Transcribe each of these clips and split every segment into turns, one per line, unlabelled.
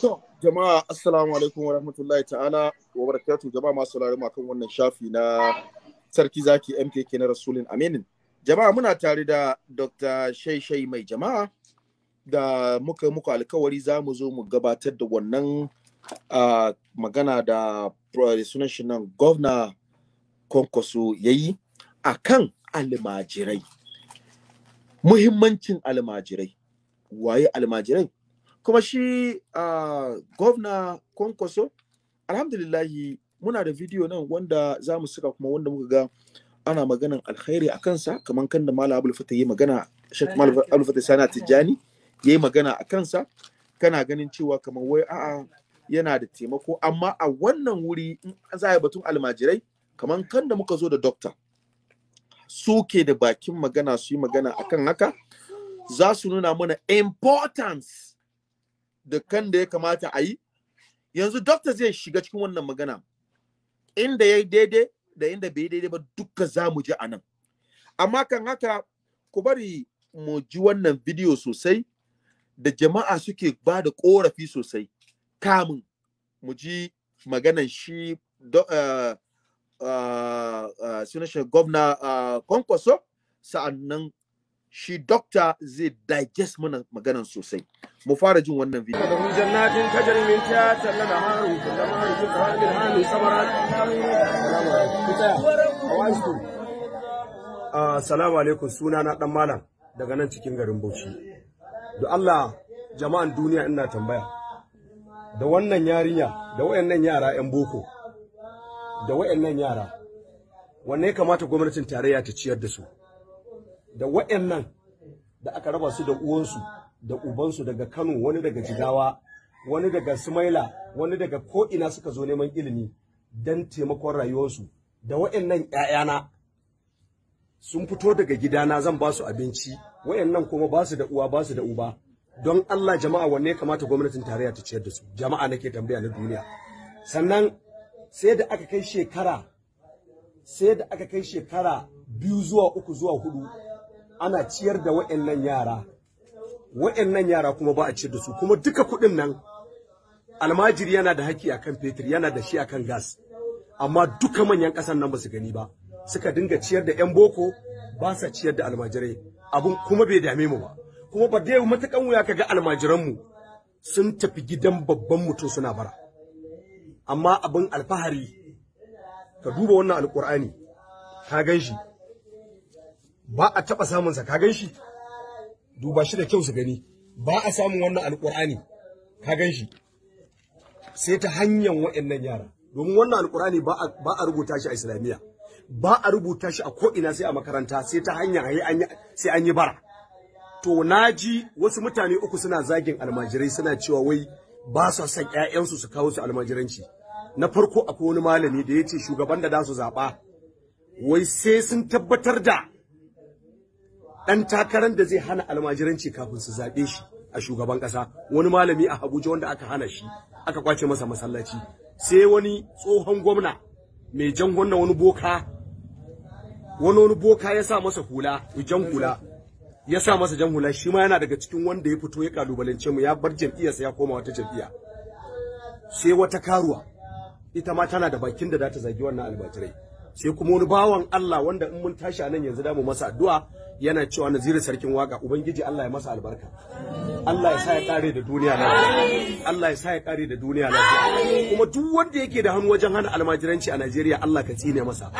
To, jama'a assalamu alaikum wa rahmatullahi ta'ala wa barakatu jama'a masu sauraron kan wannan shafi na sarki zaki MKK na rasulun Aminin. Jama'a muna tare da Dr. Shaishai mai jama'a da muka muku alkawari za mu zo mu gabatar da wannan uh, magana da sunan shi nan gwamna ya yi a kan almajirai. Muhimmancin almajirai. Waye almajirai? kuma shi a gwamna kwankwaso alhamdulillahi muna da bidiyo nan wanda za mu suka kuma wanda muka ga ana maganan alkhairi a kansa kamar kan da mala abulfata ya yi magana shek mala abulfata sana tijani magana a kansa kana ganin cewa kamar wai a'a yana da taimako amma a wannan wuri in za a yi batun almajirai kamar kan da muka zo da dokta su ke da bakin magana su yi magana akan haka za su nuna mana importance da kan da ya kamata a yi yanzu doctor zai shiga cikin wannan magana inda ya daidai da inda bai daidai ba duka za mu ji a nan amma kan haka ku bari mu ji wannan bidiyo sosai da jama'a suke ba da korafi sosai kamun mu ji maganan shi eh, eh, eh, suna shi gwamna kwankwaso sa'annan shi dokta zai digest mana maganan sosai mu fara jin wannan video
da jannatin kajar min haru assalamu ah, alaikum suna na dan malam daga nan cikin garin Bauchi da Allah jama'an duniya ina tambaya da wannan yarinya da wayannan yara yan boko da wayannan yara wanne ya kamata gwamnatin tarayya ta ciyar da su da waɗannan da aka raba su da uwansu da ubansu daga Kano wani daga Jigawa wani daga Sumaila wani daga ko'ina suka zo neman ilimi don taimakon rayuwarsu da waɗannan ‘ya'yana sun fito daga gidana zan ba su abinci waɗannan kuma ba su da uwa ba su da uba don Allah jama'a wanne ya kamata gwamnatin tarayya ta ciyar da su jama'a nake tambaya na duniya sannan sai da aka kai shekara sai da aka kai shekara biyu zuwa uku zuwa hudu ana ciyar da wa'annan yara wa'annan yara kuma ba a ciyar da su kuma duka kuɗin nan almajiri yana da haƙƙi akan fetur yana da shi akan gas amma duka manyan ƙasar nan ba su gani ba suka dinga ciyar da 'yan boko ba sa ciyar da almajirai abun kuma bai dame mu ba kuma ba dai matakan wuya ka ga almajiranmu sun tafi gidan babban mutum suna bara amma abin alfahari ka duba wannan alƙur'ani ka gan shi ba a taɓa sa ka gan shi duba shi da kyau su gani ba a samun wannan alƙur'ani ka gan sai ta hanyar waɗannan yara domin wannan alƙur'ani ba a rubuta shi a islamiyya ba a rubuta shi a ko'ina sai a makaranta sai ta hanyar sai an yi bara to na ji wasu mutane uku suna zagin almajirai suna cewa wai ba su son 'ya'yansu su kawo su almajiranci na farko akwai wani malami da ya ce shugaban da za su zaɓa wai sai sun tabbatar da dan takarar da zai hana almajiranci kafin su zaɓe shi a shugaban ƙasa wani malami a Abuja wanda aka hana shi aka kwace masa masallaci sai wani tsohon gwamna mai jan gwamna wani boka wani wani boka ya sa masa hula jan hula ya sa masa jan hula shi ma yana daga cikin wanda ya fito ya kalubalance mu ya bar jam'iyyarsa ya koma wata jam'iyya sai wata karuwa ita ma tana da bakin da za ta zagi wannan almajirai sai kuma wani bawan Allah wanda in mun tashi anan yanzu da mu masa addu'a yana cewa naziri sarkin waka ubangiji Allah ya masa albarka Allah ya sa ya kare da duniya na Allah ya sa ya kare da duniya na kuma duk wanda yake da hannu wajen hana almajiranci a Najeriya Allah ka tsine masa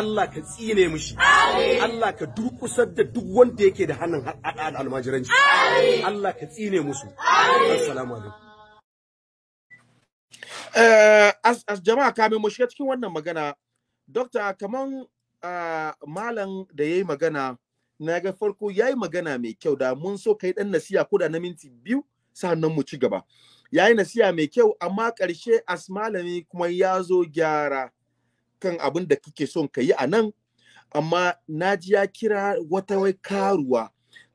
Allah ka tsine mishi Allah ka durkusar da duk wanda yake da hannun hada almajiranci Allah ka tsine musu assalamu alaikum
eh, as jama'a kamin mu shiga cikin wannan magana dokta kaman ah, malam da yi magana na ga farko ya yi magana mai kyau da mun so kai dan nasiya ko da na minti biyu sannan mu ci gaba ya yi nasiya mai kyau amma ƙarshe asmalami kuma ya zo gyara kan abin da kake son ka yi a nan amma na ji ya kira wata wai karuwa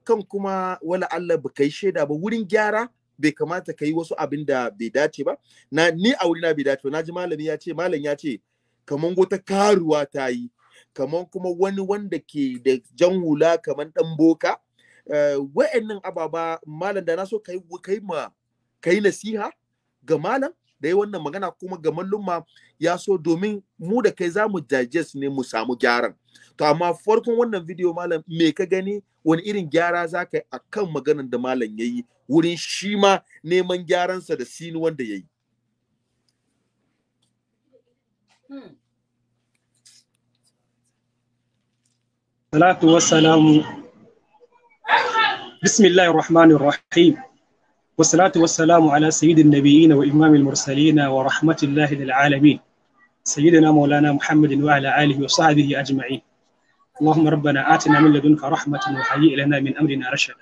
kan kuma wala Allah ba kai shaida ba wurin gyara bai kamata ka yi wasu abin da bai dace ba na ni a wurina bai dace ba na ji malami ya ce malam ya ce kamar wata karuwa ta yi kamar kuma wani wanda ke da jan hula kamar dan boka eh, wa'annan ababa malam da na so kai kai ma kai nasiha ga malam da yi wannan magana kuma ga mallumma ya so domin mu da kai za mu digest ne mu samu gyaran to amma farkon wannan video malam me ka gani wani irin gyara za ka yi a kan maganar da malam ya yi wurin shi ma neman gyaransa da sini wanda ya yi
hmm.
salatu wassalamu bismillahir rahmanir rahim wassalatu wassalamu ala sayyidin nabiyina wa imamil mursalina wa rahmatullahi lil alamin sayyidina maulana muhammadin wa ala alihi wa sahbihi ajma'in اللهم ربنا آتنا من لدنك رحمة وهيئ لنا من أمرنا rashada.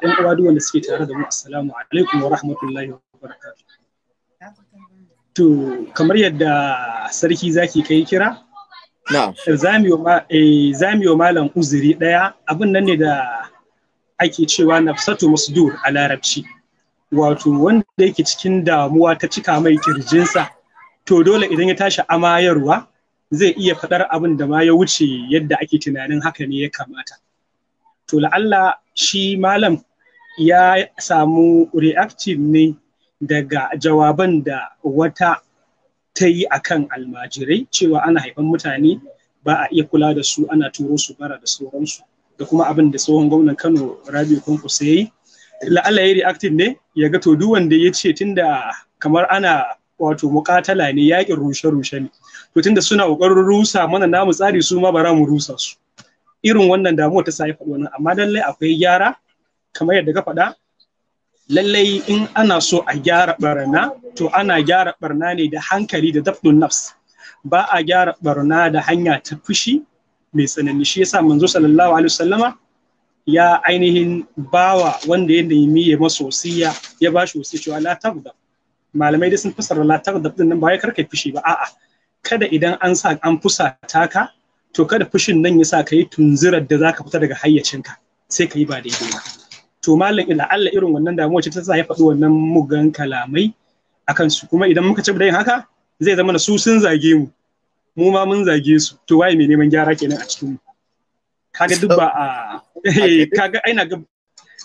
ɗan uwa duk wanda suke tare da mu assalamu alaikum wa rahmatullahi wa barakatuh to kamar yadda sarki zaki kai kira wa malam uzuri ɗaya abin nan ne da ake cewa nafsatu musdur a larabci wato wanda yake cikin damuwa ta cika mai kirjinsa to dole idan ya tashi amayarwa zai iya faɗar abin da ma ya wuce yadda ake tunanin haka ne ya kamata to la'alla shi malam ya samu reactive ne daga jawaban da wata ta yi a kan almajirai cewa ana haifan mutane ba a iya kula da su ana turo su bara da sauransu da kuma abin da tsohon gwamnan kano rabiu kwankwaso ya yi la'ala ya reactive ne ya ga to duk wanda ya ce tunda kamar ana wato mukatala ne yakin rushe-rushe ne to tunda suna kokarin rusa mana namu tsari su ma bara mu rusa su irin wannan damuwa ta sai faɗo nan amma lallai akwai gyara kamar yadda ka faɗa lallai in ana so a gyara barna to ana gyara barna ne da hankali da dafdun nafs ba a gyara barna da hanya ta fushi mai tsanani shi yasa manzo sallallahu alaihi wasallama ya ainihin bawa wanda ya nemi ya maso siya ya ba shi wasu cewa la tagda malamai da sun fassara la tagda din nan ba ya karka fushi ba a'a kada idan an sa an fusa taka, to kada fushin nan ya sa ka yi tunzirar da zaka fita daga hayyacinka sai ka yi ba daidai ba to malam Allah irin wannan damuwa ce ta sa ya faɗi wannan mugan kalamai a kansu kuma idan muka ci da yin haka zai zama na su sun zage mu mu ma mun zage su to waye mai neman gyara kenan a cikin mu kaga duk ba a eh, kaga aina ga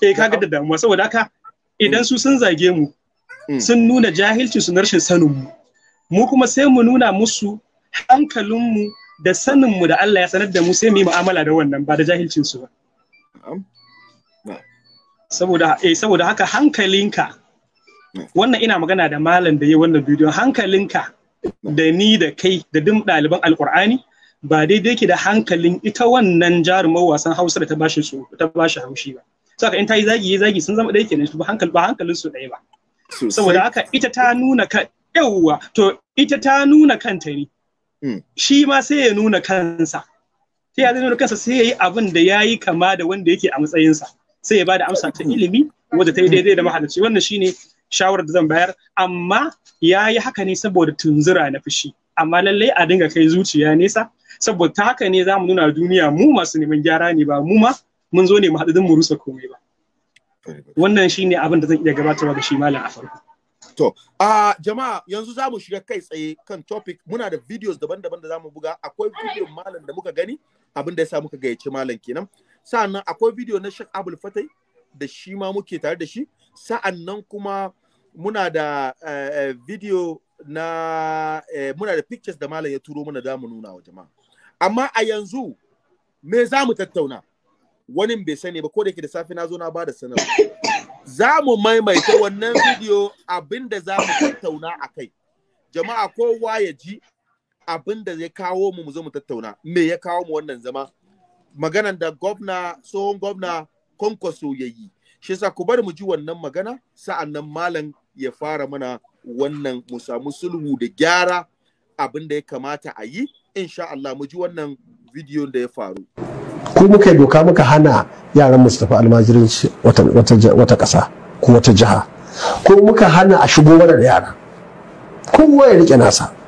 eh kaga da damuwa saboda haka idan su sun zage mu mm. sun nuna jahilci su rashin sanin mu mu kuma sai mu nuna musu hankalin mu da sanin mu da Allah ya sanar da mu sai mu yi mu'amala da wannan ba da jahilcin su ba saboda eh saboda haka hankalinka wannan ina magana da malam da yi wannan bidiyon hankalinka da ni da kai da duk ɗaliban alkur'ani ba daidai ke da hankalin ita wannan jarumar wasan hausa da ta bashi su ta bashi haushi ba saka in ta yi zagi yi zagi sun zama ɗaya kenan ba ba hankalin su ɗaya ba saboda haka ita ta nuna ka yawwa to ita ta nuna kanta ne hmm. shi ma sai ya nuna kansa sai ya nuna kansa sai ya yi abin da ya yi kama da wanda yake a matsayinsa sai ya bada amsa ta ilimi wadda ta yi daidai da mahalarci wannan shine shawarar da zan bayar amma ya yi haka ne saboda tunzura na fushi amma lallai a dinga kai zuciya nesa saboda ta haka ne za mu nuna duniya mu masu neman gyara ne ba mu ma mun zo ne mu haɗu mu rusa komai ba wannan shine abin da zan iya gabatarwa ga shi malam a farko To, a jama'a yanzu za mu shiga kai tsaye kan topic muna da
videos daban-daban da za mu buga akwai video malam da muka gani abin da ya sa muka gayyaci malam kenan sa'annan akwai bidiyo na Sheikh Abul Fatai da shi ma muke tare da shi sa'annan kuma muna da uh, video na eh, muna da pictures da malam ya turo muna da mu nuna wa jama'a amma a yanzu me za mu tattauna wani bai sani ba ko da ke da safi na zo na ba da sanarwa za mu maimaita wannan bidiyo abinda za mu tattauna a kai jama'a kowa ya ji abinda zai kawo mu mu zo mu tattauna me ya kawo mu wannan zama maganan da gwamna tsohon gwamna kwankwaso ya yi shi yasa ku bari mu ji wannan magana sa'an nan malam ya fara mana wannan mu samu sulhu da gyara abin da ya kamata a yi insha Allah mu ji wannan bidiyo da ya faru
ko muka doka muka hana yaran Mustapha almajirin wata ƙasa ko wata jiha ko muka hana a shigo wannan yara kowa ya rike nasa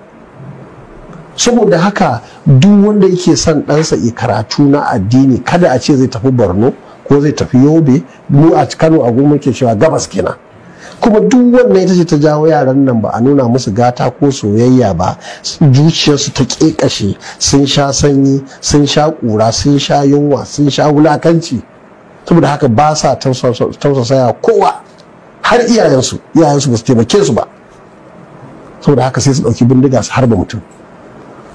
saboda haka duk wanda yake son ɗansa ya karatu na addini kada a ce zai tafi borno ko zai tafi yobe mu a kano a goma ke cewa gabas kenan kuma duk wanda ita ce ta jawo yaran nan ba a nuna musu gata ko soyayya ba zuciyarsu ta ƙeƙashe sun sha sanyi sun sha ƙura sun sha yunwa sun sha wulakanci saboda haka ba sa tausasaya kowa har iyayensu iyayensu ba su taimake su ba saboda haka sai su ɗauki bindiga su harba mutum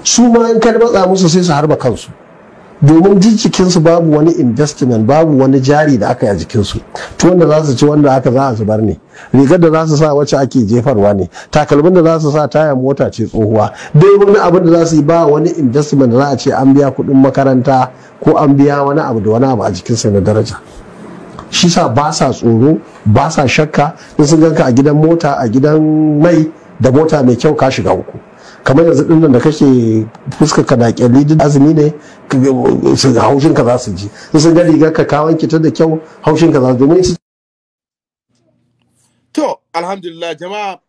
su ma in ka matsa musu sai su harba kansu domin duk jikinsu babu wani investment babu wani jari da aka yi a jikinsu to wanda za su ci wanda aka za a zubar ne rigar da za su sa wacce ake jefarwa ne takalmin da za su sa taya mota ce tsohuwa dai wani abin da za su yi ba wani investment da za a ce an biya kuɗin makaranta ko an biya wani abu da wani abu a jikinsa na daraja shi sa ba sa tsoro ba sa shakka in sun ganka a gidan mota a gidan mai da mota mai kyau ka shiga uku kamar yanzu din da kake fuska ka na kyalli duk azumi ne haushin ka za su ji sun ga rigar ka ka wanke da kyau haushin ka za su domin
to alhamdulillah jama'a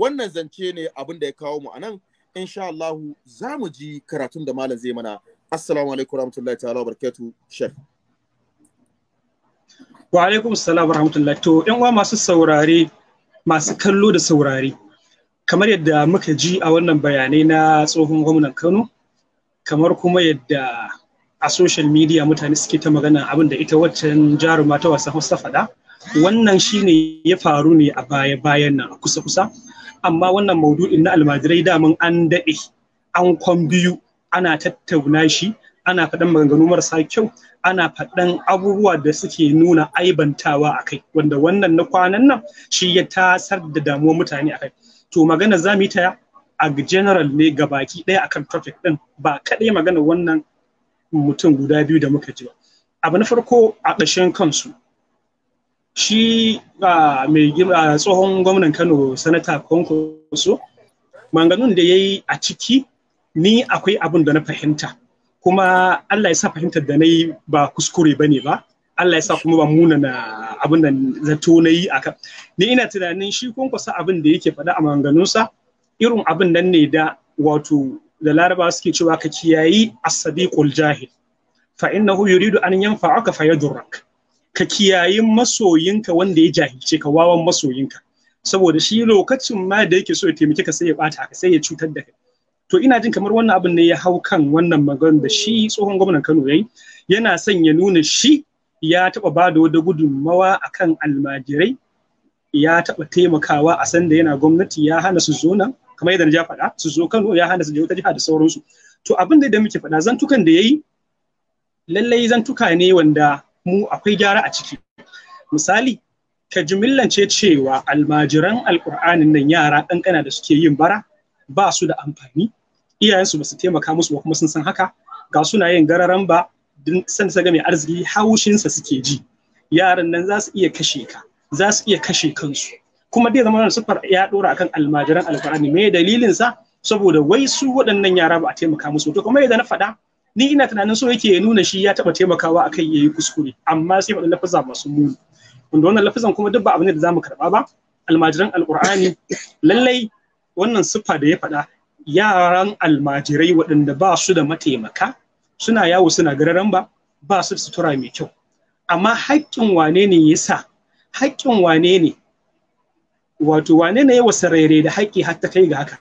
wannan zance ne abin da ya kawo mu anan insha Allah za mu ji karatun da malam zai mana assalamu alaikum warahmatullahi ta'ala barkatu shek
wa alaikum assalam warahmatullahi to yan uwa masu saurare masu kallo da saurare kamar yadda muka ji a wannan bayanai na tsohon gwamnan kano kamar kuma yadda a social media mutane suke ta magana abin da ita waccan jaruma ta wasan hausa faɗa wannan shine ya faru ne a baya bayan nan a kusa kusa amma wannan maudu'in na almajirai daman an daɗe an kwan biyu ana tattauna shi ana faɗan maganganu marasa kyau ana faɗan abubuwa da suke nuna aibantawa a kai wanda wannan na kwanan nan shi ya tasar da damuwar mutane a kai to magana za mu yi ta a general ne ga baki ɗaya akan traffic ɗin ba kaɗai magana wannan mutum guda biyu da muka ji ba abu na farko a ƙashin kansu shi mai tsohon gwamnan kano sanata kwankwaso manganun da ya yi a ciki ni akwai abin da na fahimta kuma allah ya sa fahimtar da na yi ba kuskure ba ne ba Allah ya sa kuma ba muna na abin da zato na yi a kan ni ina tunanin shi kwankwasa abin da yake faɗa a manganunsa. irin abin nan ne da wato da laraba suke cewa ka kiyayi asabiqul jahil fa innahu yuridu an yanfa'aka fayadurrak ka kiyayi masoyinka wanda ya jahilce ka wawan masoyinka saboda shi lokacin ma da yake so ya taimake ka sai ya bata ka sai ya cutar da kai to ina jin kamar wannan abin ne ya hau kan wannan maganar da shi tsohon gwamnan Kano yayi yana son ya nuna shi ya taɓa ba da wata gudunmawa a kan almajirai ya taɓa taimakawa a sanda yana gwamnati ya hana su zo nan kamar yadda na ja faɗa su zo kano ya hana su je wata jiha da sauransu to abin da muke faɗa zantukan da ya yi lallai zantuka ne wanda mu akwai gyara a ciki misali ka jimillance cewa almajiran alƙur'anin nan yara ƙanƙana da suke yin bara ba su da amfani iyayensu ba su taimaka musu ba kuma sun san haka ga suna yin gararan ba duk san saga mai arziki haushinsa suke ji yaran nan za su iya kashe ka za su iya kashe kansu kuma dai zama sufar ya dora akan almajiran alkur'ani me dalilin sa saboda wai su waɗannan yara ba a taimaka musu to kuma yadda na faɗa ni ina tunanin so yake ya nuna shi ya taɓa taimakawa akan yayi kuskure amma sai waɗannan lafaza masu muni wanda wannan lafazan kuma duk ba abin da zamu karɓa ba almajiran alkur'ani lallai wannan sifa da ya faɗa yaran almajirai waɗanda ba su da mataimaka suna yawo suna gararan ba ba su sutura mai kyau amma haƙƙin wane ne ya sa haƙƙin wane ne wato wane ne ya wasarere da haƙƙi har ta kai ga haka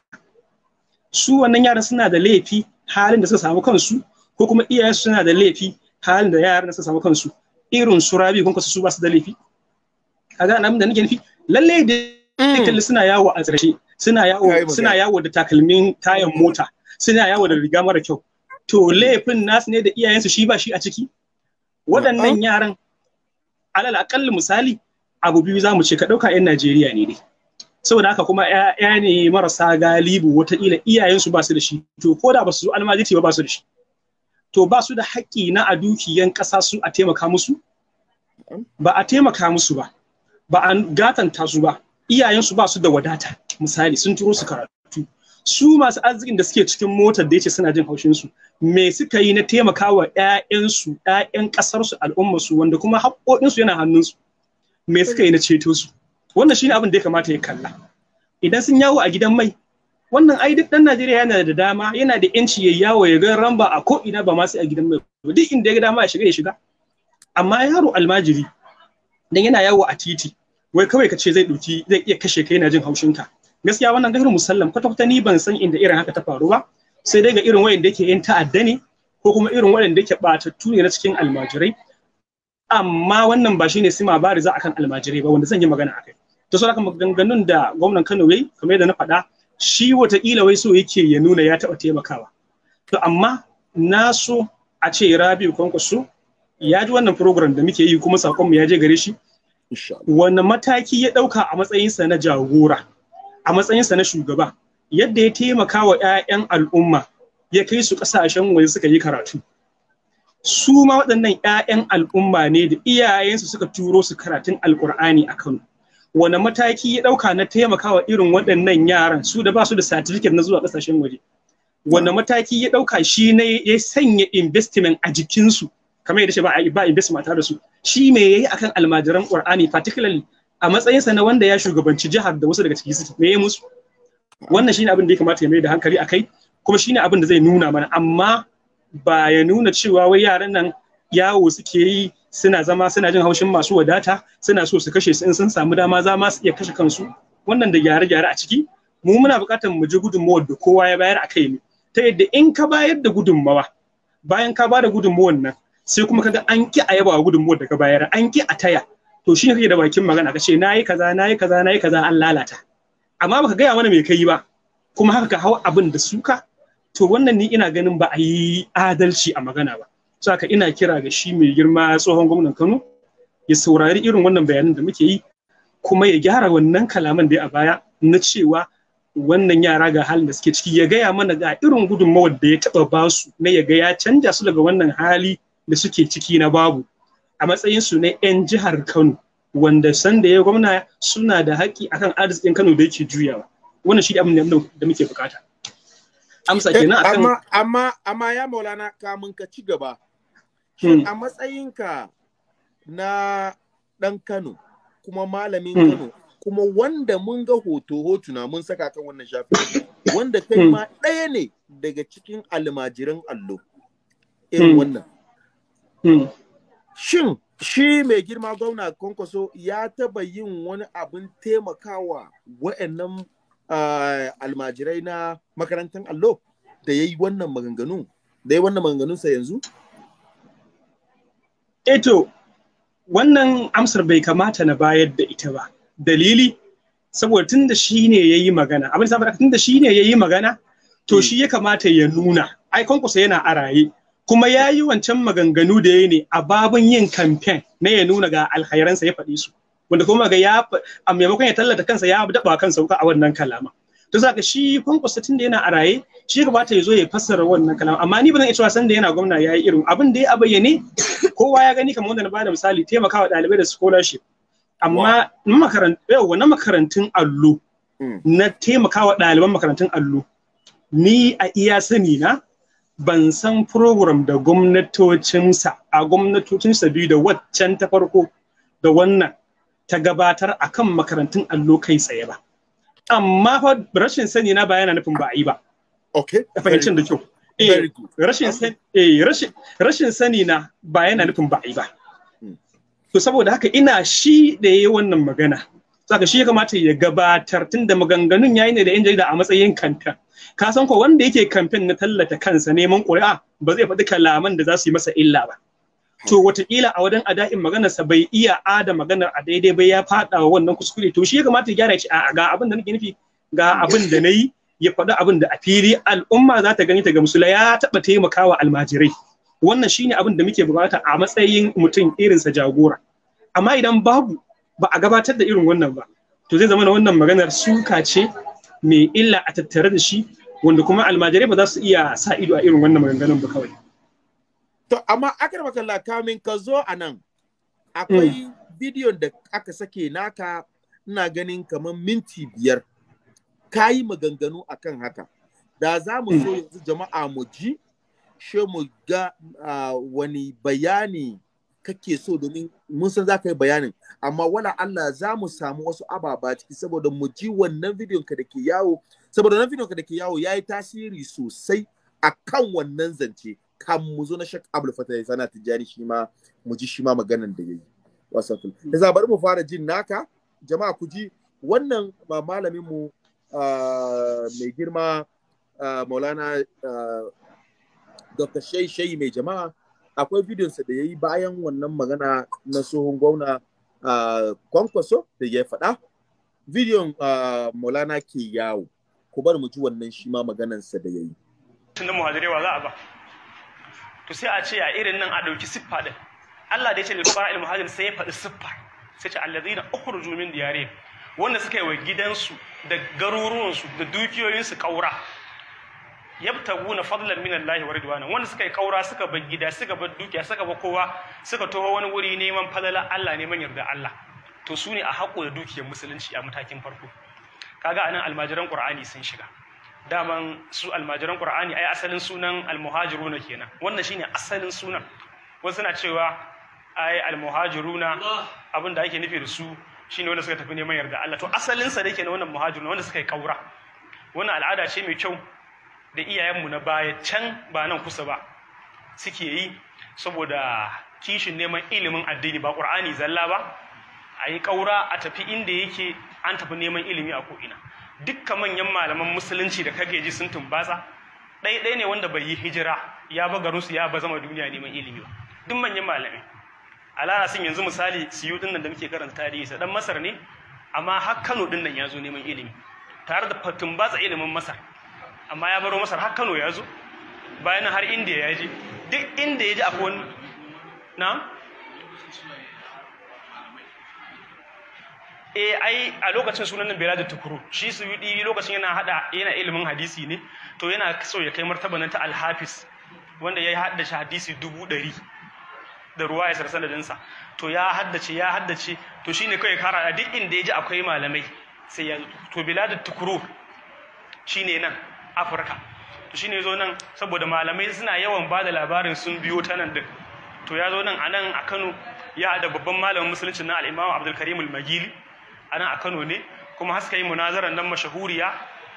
su wannan yaran suna da laifi halin da suka samu kansu ko kuma iyayen suna da laifi halin da yaran da suka samu kansu irin su rabi kun su ba su da laifi kaga nan da nake nufi lalle da mm. kalli suna yawo a tsirce suna yawo suna yawo da takalmin tayan mota suna yawo da riga mara kyau to laifin nasu ne da iyayensu shi ba shi a ciki waɗannan yaran alal akalli misali abu biyu za mu ce ka ɗauka 'yan najeriya ne dai saboda haka kuma ya ne marasa galibu watakila iyayensu ba su da shi to ko da ba su zo almajiti ba ba su da shi to ba su da haƙƙi na a dukiyan ƙasa su a taimaka musu ba a taimaka musu ba ba a gatanta su ba iyayensu ba su da wadata misali sun turo su karatu su masu arzikin da suke cikin motar da yace suna jin haushin su me suka yi na taimakawa 'ya'yansu, ƴaƴan ƙasarsu, su al'ummar su wanda kuma haƙoƙin su yana hannun su me suka yi na ceto su wannan shine abin da ya kamata ya kalla idan sun yawo a gidan mai wannan ai duk dan Najeriya yana da dama yana da yanci ya yawo ya ga ramba a ko ina ba ma a gidan mai duk inda ya ga dama ya shiga ya shiga amma yaro almajiri dan yana yawo a titi wai kawai ka ce zai ɗauki zai iya kashe ka yana jin haushinka gaskiya wannan gairu musallam kwata kwata ni ban san inda irin haka ta faru ba sai dai ga irin wayanda yake yin ta'adda ne ko kuma irin wayanda yake batattu ne na cikin almajirai amma wannan ba shi shine sima bari za akan almajirai ba wanda zan yi magana akai to saboda maganganun da gwamnan Kano yayi kamar yadda na faɗa shi watakila wai so yake ya nuna ya taɓa taimakawa to amma na so a ce Rabi'u Kwankwaso ya ji wannan program da muke yi kuma sakon ya je gare shi Wani mataki ya ɗauka a matsayinsa na jagora a matsayinsa na shugaba yadda ya taimaka wa 'ya'yan al'umma ya kai su ƙasashen waje suka yi karatu su ma waɗannan 'ya'yan al'umma ne da iyayensu suka turo su karatun alƙur'ani a kano wani mataki ya ɗauka na taimakawa irin waɗannan yaran su da ba su da certificate na zuwa ƙasashen waje wani mataki ya ɗauka shi ne ya sanya investment a jikinsu kamar yadda shi ba ba investment tare da su shi me yayi akan almajiran qur'ani particularly a matsayinsa na wanda ya shugabanci jihar da wasu daga ciki su me musu wannan shine abin da ya kamata ya mai da hankali a kai. kuma shine abin da zai nuna mana amma ba ya nuna cewa wai yaran nan yawo suke yi suna zama suna jin haushin masu wadata suna so su kashe su in sun samu dama za su iya kashe kansu wannan da gyare-gyare a ciki mu muna buƙatar mu ji gudunmawar da kowa ya bayar a kai ne ta yadda in ka bayar da gudunmawa bayan ka bada gudunmawar nan sai kuma kaga an ki a yaba gudunmawar da ka bayar an ki a taya to shi kake da bakin magana ka ce nayi kaza nayi kaza nayi kaza an lalata amma baka gaya mana me kai ba kuma haka ka hau abin da suka to wannan ni ina ganin ba a yi adalci a magana ba saka ina kira ga shi mai girma tsohon gwamnan Kano ya saurari irin wannan bayanan da muke yi kuma ya gyara wannan kalaman da ya a baya na cewa wannan yara ga halin da suke ciki ya gaya mana ga irin gudunmawar da ya taba basu na ya ga ya canja su daga wannan hali da suke ciki na babu a matsayin su na 'yan jihar Kano wanda sanda ya gwamna suna da haƙƙi akan arzikin Kano da yake juyawa wannan shi ne abin da muke bukata amsa eh, kenan akan amma
amma amma ya maulana kamun ka ci gaba hmm. a matsayinka na dan Kano kuma malamin hmm. Kano kuma wanda mun ga hoto hotuna mun saka kan wannan shafi wanda kai hmm. ma ɗaya ne daga cikin almajiran allo irin
wannan
Shin shi mai girma gwamna Konkoso ya taba yin wani abin taimakawa wa'annan ah, almajirai na makarantar allo da ya
yi wannan maganganu da ya yi wannan maganganunsa yanzu? Eto, eh wannan amsar bai kamata na bayar da ita ba. Dalili, saboda tun da shi ne ya yi magana, abin da tun da shi ne ya yi magana, to hmm. shi ya kamata ya nuna, ai Konkoso yana a raye. kuma ya yi wancan maganganu da ya ne a babun yin kamfen na ya nuna ga alkhairansa ya faɗi su wanda kuma ga ya a maimakon ya tallata kansa ya a kansa wuka a wannan kalama to saka shi kwankwasa tun da yana a raye shi gabata ya zo ya fassara wannan kalama amma ni ba zan cewa san da yana gwamna ya yi irin abin da ya a bayyane kowa ya gani kamar wanda na bada misali taimakawa ɗalibai da scholarship amma na makarantun allo mm. na taimakawa ɗaliban makarantun allo ni a iya sani na ban san program da gwamnatocinsa a gwamnatocinsa biyu da waccan ta farko da wannan ta gabatar a kan makarantun allo kai tsaye ba amma fa rashin sani na ba yana nufin ba a yi ba okay fahimcin da kyau eh, eh rashin sani eh rashin sani na ba yana nufin ba a yi ba hmm. to saboda haka ina shi da yayi wannan magana saka shi ya kamata ya gabatar tun da maganganun yayi ne da yan jarida a matsayin kanta ka san ko wanda yake kamfen na tallata kansa neman ƙuri'a ba zai faɗi kalaman da za su yi masa illa ba to wataƙila a wajen ada'in sa bai iya ada maganar a daidai bai ya faɗa wa wannan kuskure to shi ya kamata ya gyara shi a ga abin da nake nufi ga abin da nayi ya faɗi abin da a fili al'umma za ta gani ta musula ya taɓa taimakawa almajirai wannan shine abin da muke bukata a matsayin mutum irin sa jagora amma idan babu ba a gabatar da irin wannan ba to zai zama wannan maganar suka ce mai illa a tattare da shi wanda kuma almajirai ba za su iya sa ido a irin wannan maganganun ba kawai to amma akar makalla kamin ka zo
a nan akwai hmm. bidiyon da aka sake naka ina ganin kamar minti biyar ka yi maganganu akan haka da za mu so hmm. yanzu jama'a mu ji shi mu ga ah, wani bayani kake so domin mun san za ka yi bayanin amma wala Allah za mu samu wasu ababa ciki saboda mu ji wannan bidiyon ka da ke yawo saboda wannan bidiyon ka da ke yawo ya yi tasiri sosai a kan wannan zance kan mu zo na shak abul fatah sana tijjani shi ma mu ji shi ma maganan da ya yi wasatul yanzu bari mu fara jin naka jama'a ku ji wannan malamin mu ah, mai girma ah, maulana dr shai shai mai jama'a akwai bidiyonsa da ya yi bayan wannan magana na tsohon gwamna kwankwaso da ya faɗa bidiyon molana ke yawo ku bar mu ji wannan shi ma maganansa da ya yi
wa za a ba to sai a ce a irin nan a ɗauki siffa ɗin Allah da ya ce fara ilmuhajir sai ya faɗi siffa sai ce allazina ukhruju min diyarihim wanda suka yi wa gidansu da garuruwansu da dukiyoyinsu ƙaura. yabtaguna fadlan min Allah wa ridwana wanda suka yi kaura suka bar gida suka bar dukiya suka bar kowa suka taho wani wuri neman falala Allah neman yarda Allah to sune a haƙo da dukiyar musulunci a matakin farko kaga anan almajiran qur'ani sun shiga daman su almajiran qur'ani ai asalin sunan almuhajiruna kenan wannan shine asalin sunan wasu na cewa ai almuhajiruna abin da ake nufi da su shine wanda suka tafi neman yarda Allah to asalin sa dake na wannan muhajiruna wanda suka yi kaura wannan al'ada ce mai kyau da iyayenmu na baya can ba nan kusa ba suke yi saboda kishin neman ilimin addini ba ƙur'ani zalla ba a yi ƙaura a tafi inda yake an tafi neman ilimi a ko'ina dukkan manyan malaman musulunci da kake ji sun tumbatsa ɗaiɗai ne wanda bai yi hijira ya ba garinsu ya ba zama duniya neman ilimi ba duk manyan malamai alana sun yanzu misali siyu ɗin da muke karanta tarihi sa dan masar ne amma har kano ɗin ya zo neman ilimi tare da tumbatsa ilimin masar amma ya baro masar har kano ya zo bayan har India ya je duk inda ya ji akwai wani na e eh, ai a lokacin sunan nan da tukuru shi su yi lokacin yana hada yana ilimin hadisi ne to yana so ya kai martaba nan ta alhafis wanda ya haddace hadisi dubu ɗari da ruwa ya sarsanadinsa to ya haddace ya haddace to shine kawai kara a duk inda ya ji akwai malamai sai ya to da tukuru shine nan afirka to shine zo nan saboda malamai suna yawan ba da labarin sun biyo ta nan din to ya zo nan a nan a kano ya da babban malamin musulunci na al'imam abdulkarim al-magili a nan a kano ne kuma haska yi munazaran nan mashahuriya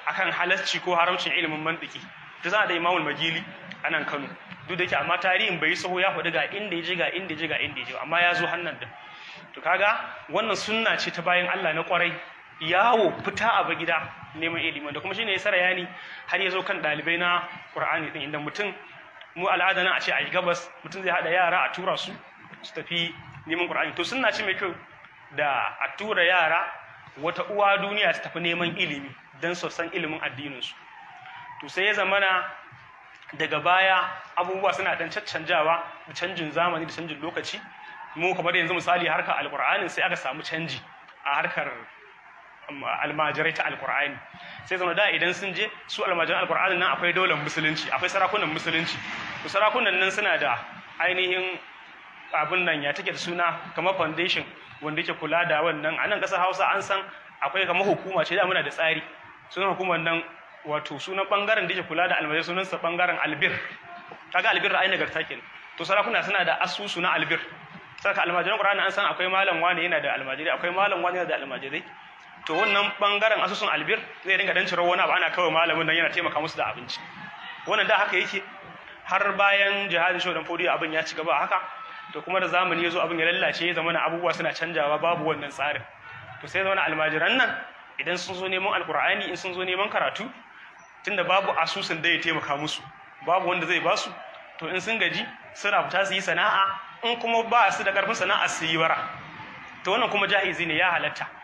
akan halarci ko haramcin ilimin mantiki ta za da imamul magili a nan kano duk da yake amma tarihin bai saho ya faɗi ga inda ya je ga inda ya je ga inda ya je. amma ya zo hannan din to kaga wannan sunna ce ta bayan Allah na kwarai yawo fita a gida neman ilimi da kuma shine ya sara yani har ya zo kan dalibai na Qur'ani din inda mutum mu al'ada na a ce a yi gabas mutum zai haɗa yara a tura su su tafi neman Qur'ani to suna ce mai kyau da a tura yara wata uwa duniya su tafi neman ilimi don su san ilimin addinin su to sai ya zamana daga baya abubuwa suna dan caccanjawa da canjin zamani da canjin lokaci mu kamar yanzu misali harkar alqur'anin sai aka samu canji a harkar almajirai ta alkur'ani sai zama da idan sun je su almajiran alkur'ani nan akwai daular musulunci akwai sarakunan musulunci to sarakunan nan suna da ainihin abin nan ya take da suna kamar foundation wanda yake kula da wannan a nan ƙasar hausa an san akwai kamar hukuma ce da muna da tsari sunan hukumar nan wato sunan bangaren da yake kula da almajirai sa bangaren albir kaga albir ra'ayi nagarta kenan to sarakuna suna da asusu na albir saka almajiran qur'ani an san akwai malam wani yana da almajirai akwai malam wani yana da almajirai to wannan bangaren asusun albir zai dinga dan ciro wani abu ana kawai malamin nan yana taimaka musu da abinci wannan da haka yake har bayan jihadin shodan fodiyo abin ya ci gaba haka to kuma da zamani ya zo abin ya lallace ya zama abubuwa suna canjawa babu wannan tsarin to sai zama almajiran nan idan sun zo neman alkur'ani in sun zo neman karatu tunda babu asusun da ya taimaka musu babu wanda zai basu to in sun gaji suna fita su yi sana'a in kuma ba su da karfin sana'a su yi bara to wannan kuma jahizi ne ya halatta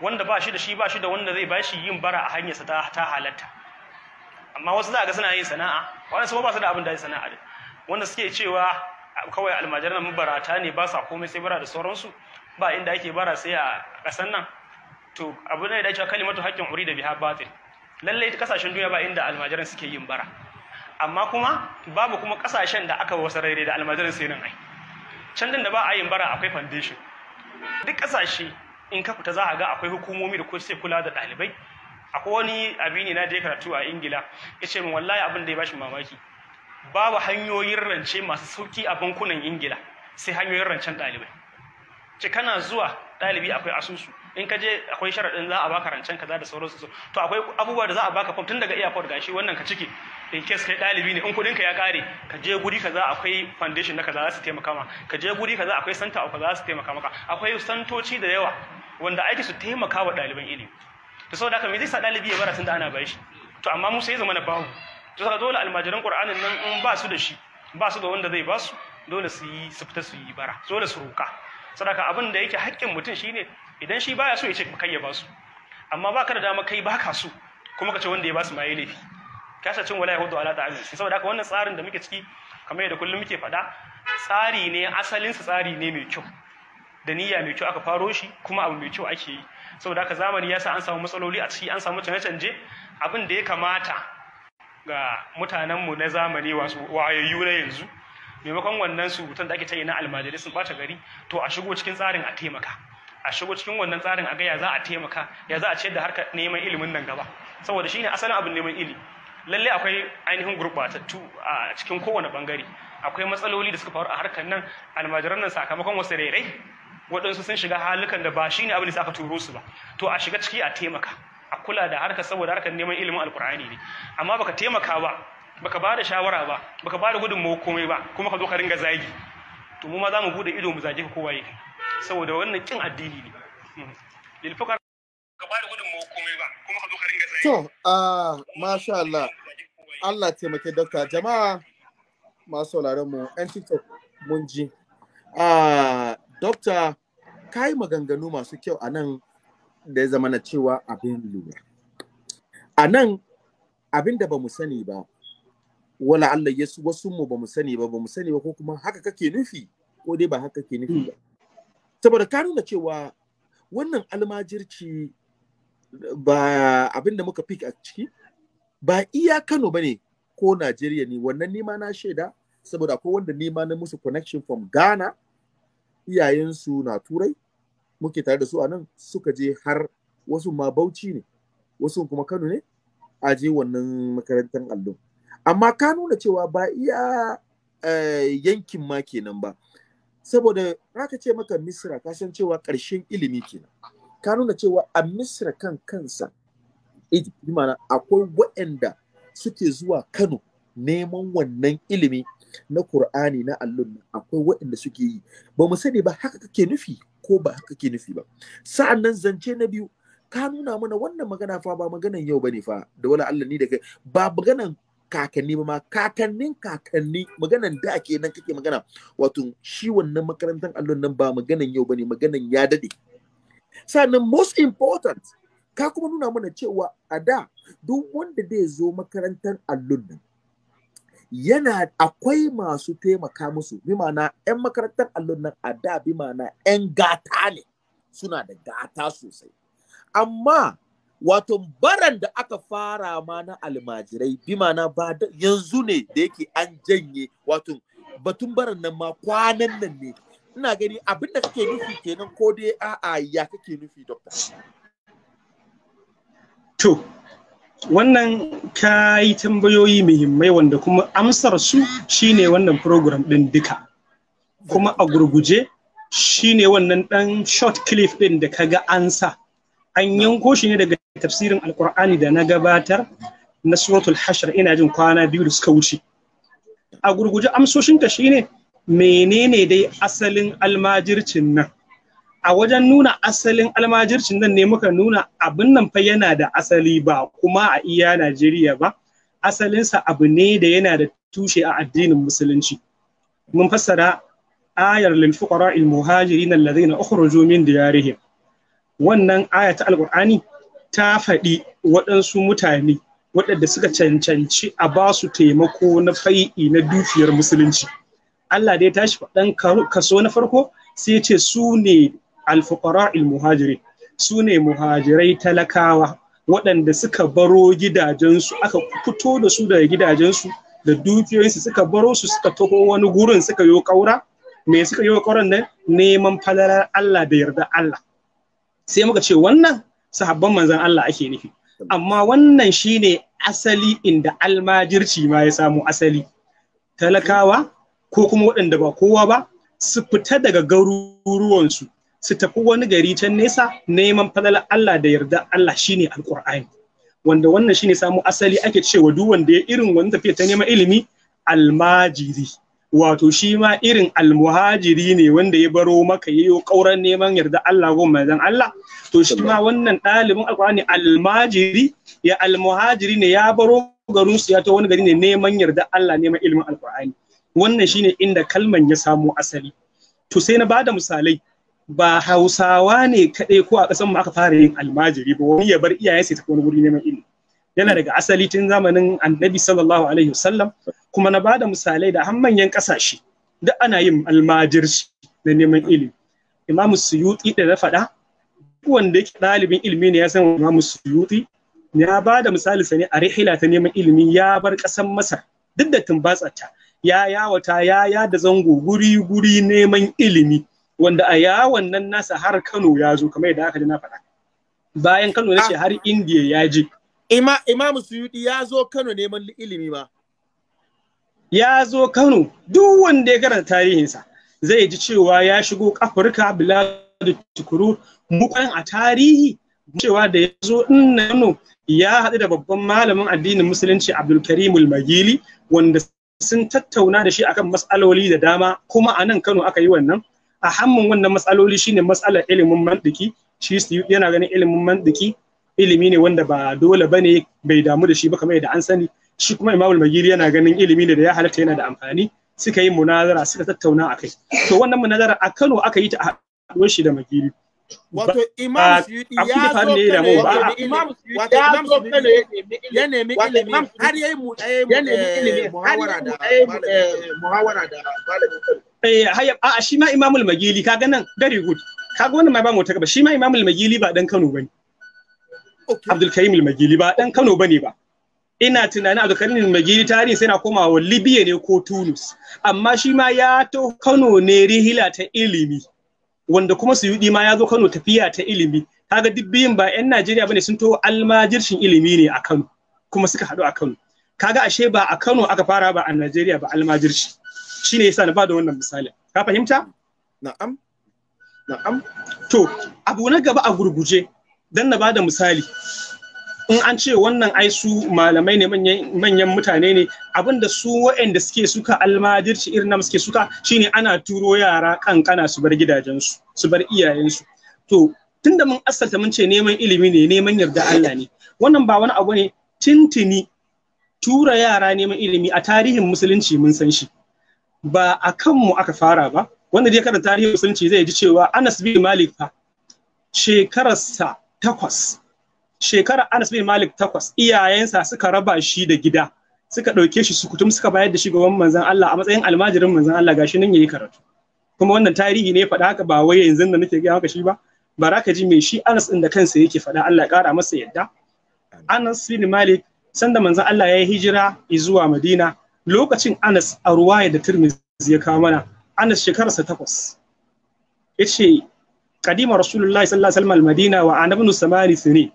wanda ba shi da shi ba shi da wanda zai ba shi yin bara a hanyarsa ta ta halatta amma wasu za a ga suna yin sana'a wani su ba su da abin da ya sana'a din wanda suke cewa kawai almajiran mabarata ne ba sa komai sai bara da sauransu ba inda ake bara sai a ƙasan nan to abu ne da ake kalimatu haƙƙin uri da biha batil lallai kasashen duniya ba inda almajiran suke yin bara amma kuma babu kuma kasashen da aka wasu rairai da almajiran sai nan ai can da ba a yin bara akwai foundation duk kasashe in ka fita za a ga akwai hukumomi da ko sai kula da ɗalibai akwai wani ne na da ya karatu a ingila ya ce min wallahi abin da ya bashi mamaki babu hanyoyin rance masu sauki a bankunan ingila sai hanyoyin rancen ɗalibai ce kana zuwa ɗalibi akwai asusu in ka je akwai sharaɗin za a baka rancen kaza da sauransu su, to akwai abubuwa da za a baka fom tun daga airport gashi wannan ka ciki in kes kai ɗalibi ne in kuɗinka ya ƙare ka je guri kaza akwai foundation na kaza za su taimaka ma ka je guri kaza akwai center of kaza za su taimaka maka akwai santoci da yawa wanda aiki su taimaka wa ɗaliban ilimi to saboda haka me zai sa ɗalibi ya bara tun ana ba shi to amma musa ya zama na babu to saka dole almajiran qur'anin nan in ba su da shi ba su da wanda zai ba su dole su yi su fita su yi bara dole su roka sadaka abin da yake haƙƙin mutum shine idan shi baya so ya ce kai ya ba su amma baka da dama kai baka su kuma ka ce wanda ya ba su ma yayi laifi kasa cin wala yahudu ala ta'amin saboda haka wannan tsarin da muke ciki kamar yadda kullum muke faɗa tsari ne asalinsa tsari ne mai kyau da niyya mai kyau aka faro shi kuma abu mai kyau ake yi saboda haka zamani ya sa an samu matsaloli a ciki an samu canje-canje abin da ya kamata ga mutanenmu na zamani wasu wayoyi na yanzu maimakon wannan surutan da ake ta yi na almajirai sun bata gari to a shigo cikin tsarin a taimaka a shigo cikin wannan tsarin a ga za a taimaka ya za a ciyar da harka neman ilimin nan gaba saboda shine asalin abin neman ilimi lalle akwai ainihin gurbatattu a cikin kowane bangare akwai matsaloli da suka faru a harkar nan almajiran nan sakamakon wasu rairai waɗansu sun shiga halukan da ba shi ne abin da aka turo su ba to a shiga ciki a taimaka a kula da harka saboda harkar neman ilimin alkur'ani ne amma baka taimaka ba baka ba da shawara ba baka ba da gudunmawa komai ba kuma ka zo ka ringa zagi to mu ma za mu bude ido mu zage ka kowa yake saboda wannan kin addini ne hmm. lil ka ba da gudunmawa
komai ba kuma ka zo ka ringa zagi to ah masha Allah Allah taimake dokta jama'a masu sauraron mu yan TikTok mun ji. Ah, dokta ka yi maganganu masu kyau a nan da ya zama na cewa abin lura a nan abin da ba mu sani ba wala Allah yesu wasu mu ba mu sani ba ba mu sani ba ko kuma haka kake nufi ko dai ba haka kake nufi ba saboda ka nuna cewa wannan almajirci ba abin da muka fi a ciki ba iya Kano ba ne ko Najeriya ne wannan nima na shaida saboda ko wanda nima na musu connection from Ghana iyayensu na turai muke tare da su a nan suka je har wasu ma bauchi ne wasu kuma kano ne a je wannan makarantar allo amma ka nuna cewa ba iya eh, yankin ma kenan ba saboda raka ce maka misra ka san cewa ƙarshen ilimi kenan ka nuna cewa a misra kan kansa akwai waɗanda suke zuwa kano neman wannan ilimi na Kur'ani na allon akwai waɗanda suke yi ba mu sani ba haka kake nufi ko ba haka kake nufi ba sa'annan zance na biyu ka nuna mana wannan magana fa ba maganan yau bane fa da wala Allah ni da kai ba maganan kakanni ba ma kakannin kakanni maganan da ake nan kake magana wato shi wannan makarantar allon nan ba maganan yau bane maganan ya dade sa'annan most important ka kuma nuna mana cewa a da duk wanda zai zo makarantar allon nan yana akwai masu taimaka musu bimana ma'ana 'yan makarantar allon nan a da bimana ma'ana 'yan gata ne suna da gata sosai amma wato baran da aka fara ma na almajirai bi ma'ana ba yanzu ne da yake an janye wato batun baran nan ma kwanan nan ne ina gani abin da kake nufi kenan ko dai a'a ya kake nufi doctor
to wannan ka yi tambayoyi muhimmai wanda kuma amsar su shine wannan program din duka kuma a gurguje shine wannan dan short clip din da kaga an sa an yanko shi ne daga tafsirin alkur'ani da na gabatar na suratul hashar ina jin kwana biyu da suka wuce a gurguje amsoshinka shine menene dai asalin almajircin nan a wajen nuna asalin almajircin nan ne muka nuna abin nan fa yana da asali ba kuma a iya Najeriya ba asalinsa abu ne da yana da tushe a addinin musulunci mun fassara ayar lil fuqara al muhajirin alladhina ukhruju min diyarihim wannan aya ta alqur'ani ta faɗi waɗansu mutane waɗanda suka cancanci a ba su taimako na fai'i na dukiyar musulunci Allah dai tashi faɗan kaso na farko sai ce su ne al-fuqara al su sune muhajirai talakawa waɗanda suka baro gidajensu aka fito da su daga gidajensu da dukiyoyinsu suka baro su suka taho wani gurin suka yi ƙaura. me suka yi ƙauran nan neman falalar Allah da yarda Allah sai muka ce wannan sahabban manzon Allah ake nufi amma wannan shine asali inda almajirci ma ya samu asali talakawa ko kuma waɗanda ba kowa ba su fita daga garuruwansu su tafi wani gari can nesa neman falalar Allah da yarda Allah shine alqur'ani wanda wannan shine samu asali ake cewa duk wanda ya irin wani tafiya ta neman ilimi almajiri wato shi ma irin almuhajiri ne wanda ya baro maka yayo kauran neman yarda Allah ko manzon Allah to shi ma wannan ɗalibin alqur'ani almajiri ya almuhajiri ne ya baro garin su ya ta wani gari ne neman yarda Allah neman ilimin alqur'ani wannan shine inda kalman ya samo asali to sai na bada misalai ba hausawa ne kaɗai ko a ƙasan mu aka fara yin almajiri ba wani ya bar iyayensa ta wani wuri neman ilimi yana daga asali tun zamanin annabi sallallahu alaihi wasallam kuma na bada misalai da har manyan ƙasashe duk ana yin almajirci na neman ilimi imam suyuti da na faɗa duk wanda yake ɗalibin ilimi ne ya san imam suyuti ya bada misali sani ne a rihila ta neman ilimi ya bar ƙasar masar duk da ta ya yawata ya yada zango guri guri neman ilimi wanda a yawon nan nasa har Kano ya zo kamar yadda aka ji na faɗa bayan Kano ne ce ah. har Indiya ya je ima Imam Suyudi ya zo Kano neman ilimi ma ya zo Kano duk wanda ya karanta tarihinsa zai ji cewa ya shigo Afirka biladu tukuru mukan a tarihi cewa da ya zo nan ya haɗu da babban malamin addinin musulunci Abdul Karim Magili wanda sun tattauna da shi akan matsaloli da dama kuma a nan Kano aka yi wannan a hammin wannan matsaloli shine matsalar ilimin mantiki shi yana ganin ilimin mantiki ilimi ne wanda ba dole bane bai damu da shi ba kamar yadda an sani shi kuma imamul magiri yana ganin ilimi ne da ya halatta yana da amfani suka yi munazara suka tattauna akai to wannan munazara a Kano aka yi ta a haɗuwar shi da magiri wato imam suyuti ya zo kano ya nemi ya nemi ilimi har yayi mu eh, muhawara
da malamin kano
eh hayab a shi ma imamul magili kaga nan very good kaga wannan ma ba mu ta gaba shi ma imamul magili ba dan Kano bane Abdul Karim al-Magili ba dan Kano bane ba ina tunanin Abdul Karim magili tarihi sai na komawa Libya ne ko Tunis amma shi ma ya to Kano ne rihila ta ilimi wanda kuma su yudi ma ya zo Kano tafiya ta ilimi kaga duk biyun ba yan Najeriya bane sun to almajirshin ilimi ne a Kano kuma suka haɗu a Kano kaga ashe ba a Kano aka fara ba a Najeriya ba almajirshi shine yasa na ba da wannan misali ka fahimta na'am na'am to abu na gaba a gurguje dan na ba da misali in an ce wannan ai su malamai ne manyan mutane ne abinda su waɗanda suke suka almajirci irin nan suke suka shine ana turo yara kankana su bar gidajensu su bar iyayensu to tunda mun asalta mun ce neman ilimi ne neman yarda Allah ne wannan ba wani abu ne tintini tura yara neman ilimi a tarihin musulunci mun san shi ba a kanmu aka fara ba wanda dai karanta tarihin musulunci zai ji cewa Anas bin Malik fa shekararsa takwas shekarar Anas bin Malik takwas iyayensa suka raba shi da gida suka ɗauke shi kutum suka bayar da shi gaban manzon Allah a matsayin almajirin manzon Allah gashi nan yayi karatu kuma wannan tarihi ne faɗa haka ba wai yanzu da nake gaya maka shi ba baraka ji mai shi Anas din da kansa yake faɗa Allah ya ƙara masa yadda Anas bin Malik sanda manzon Allah ya hijira zuwa Madina lokacin anas a ruwaya da tirmizi ya kawo mana anas shekararsa takwas ya ce kadima rasulullahi sallallahu alaihi wasallam almadina wa anabnu samari sini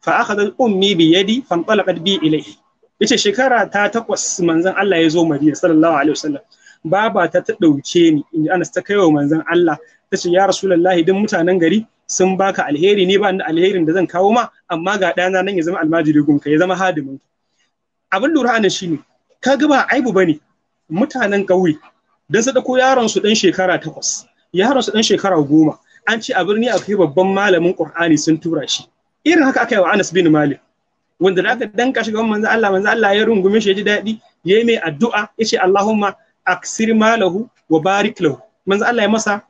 fa akhadha ummi bi yadi fa antalaqat bi ilayhi yace shekara ta takwas manzon Allah ya zo Madina sallallahu alaihi wasallam baba ta ta dauke ni inji Anas ta kaiwa manzon Allah ta ce ya rasulullahi duk mutanen gari sun baka alheri ne ba ni alherin da zan kawo ma amma ga ɗana nan ya zama almajiri gunka ya zama hadimin abin lura anan shine kaga ba aibu bane mutanen ƙauye dan su dauko yaron su dan shekara takwas yaron su dan shekara goma an ce a birni akwai babban malamin Qur'ani sun tura shi irin haka aka yi wa Anas bin Malik wanda da aka danka shi gaban manzo Allah manzo Allah ya rungume shi ya ji daɗi ya yi mai addu'a ya ce Allahumma aksir malahu wa barik lahu manzo Allah ya masa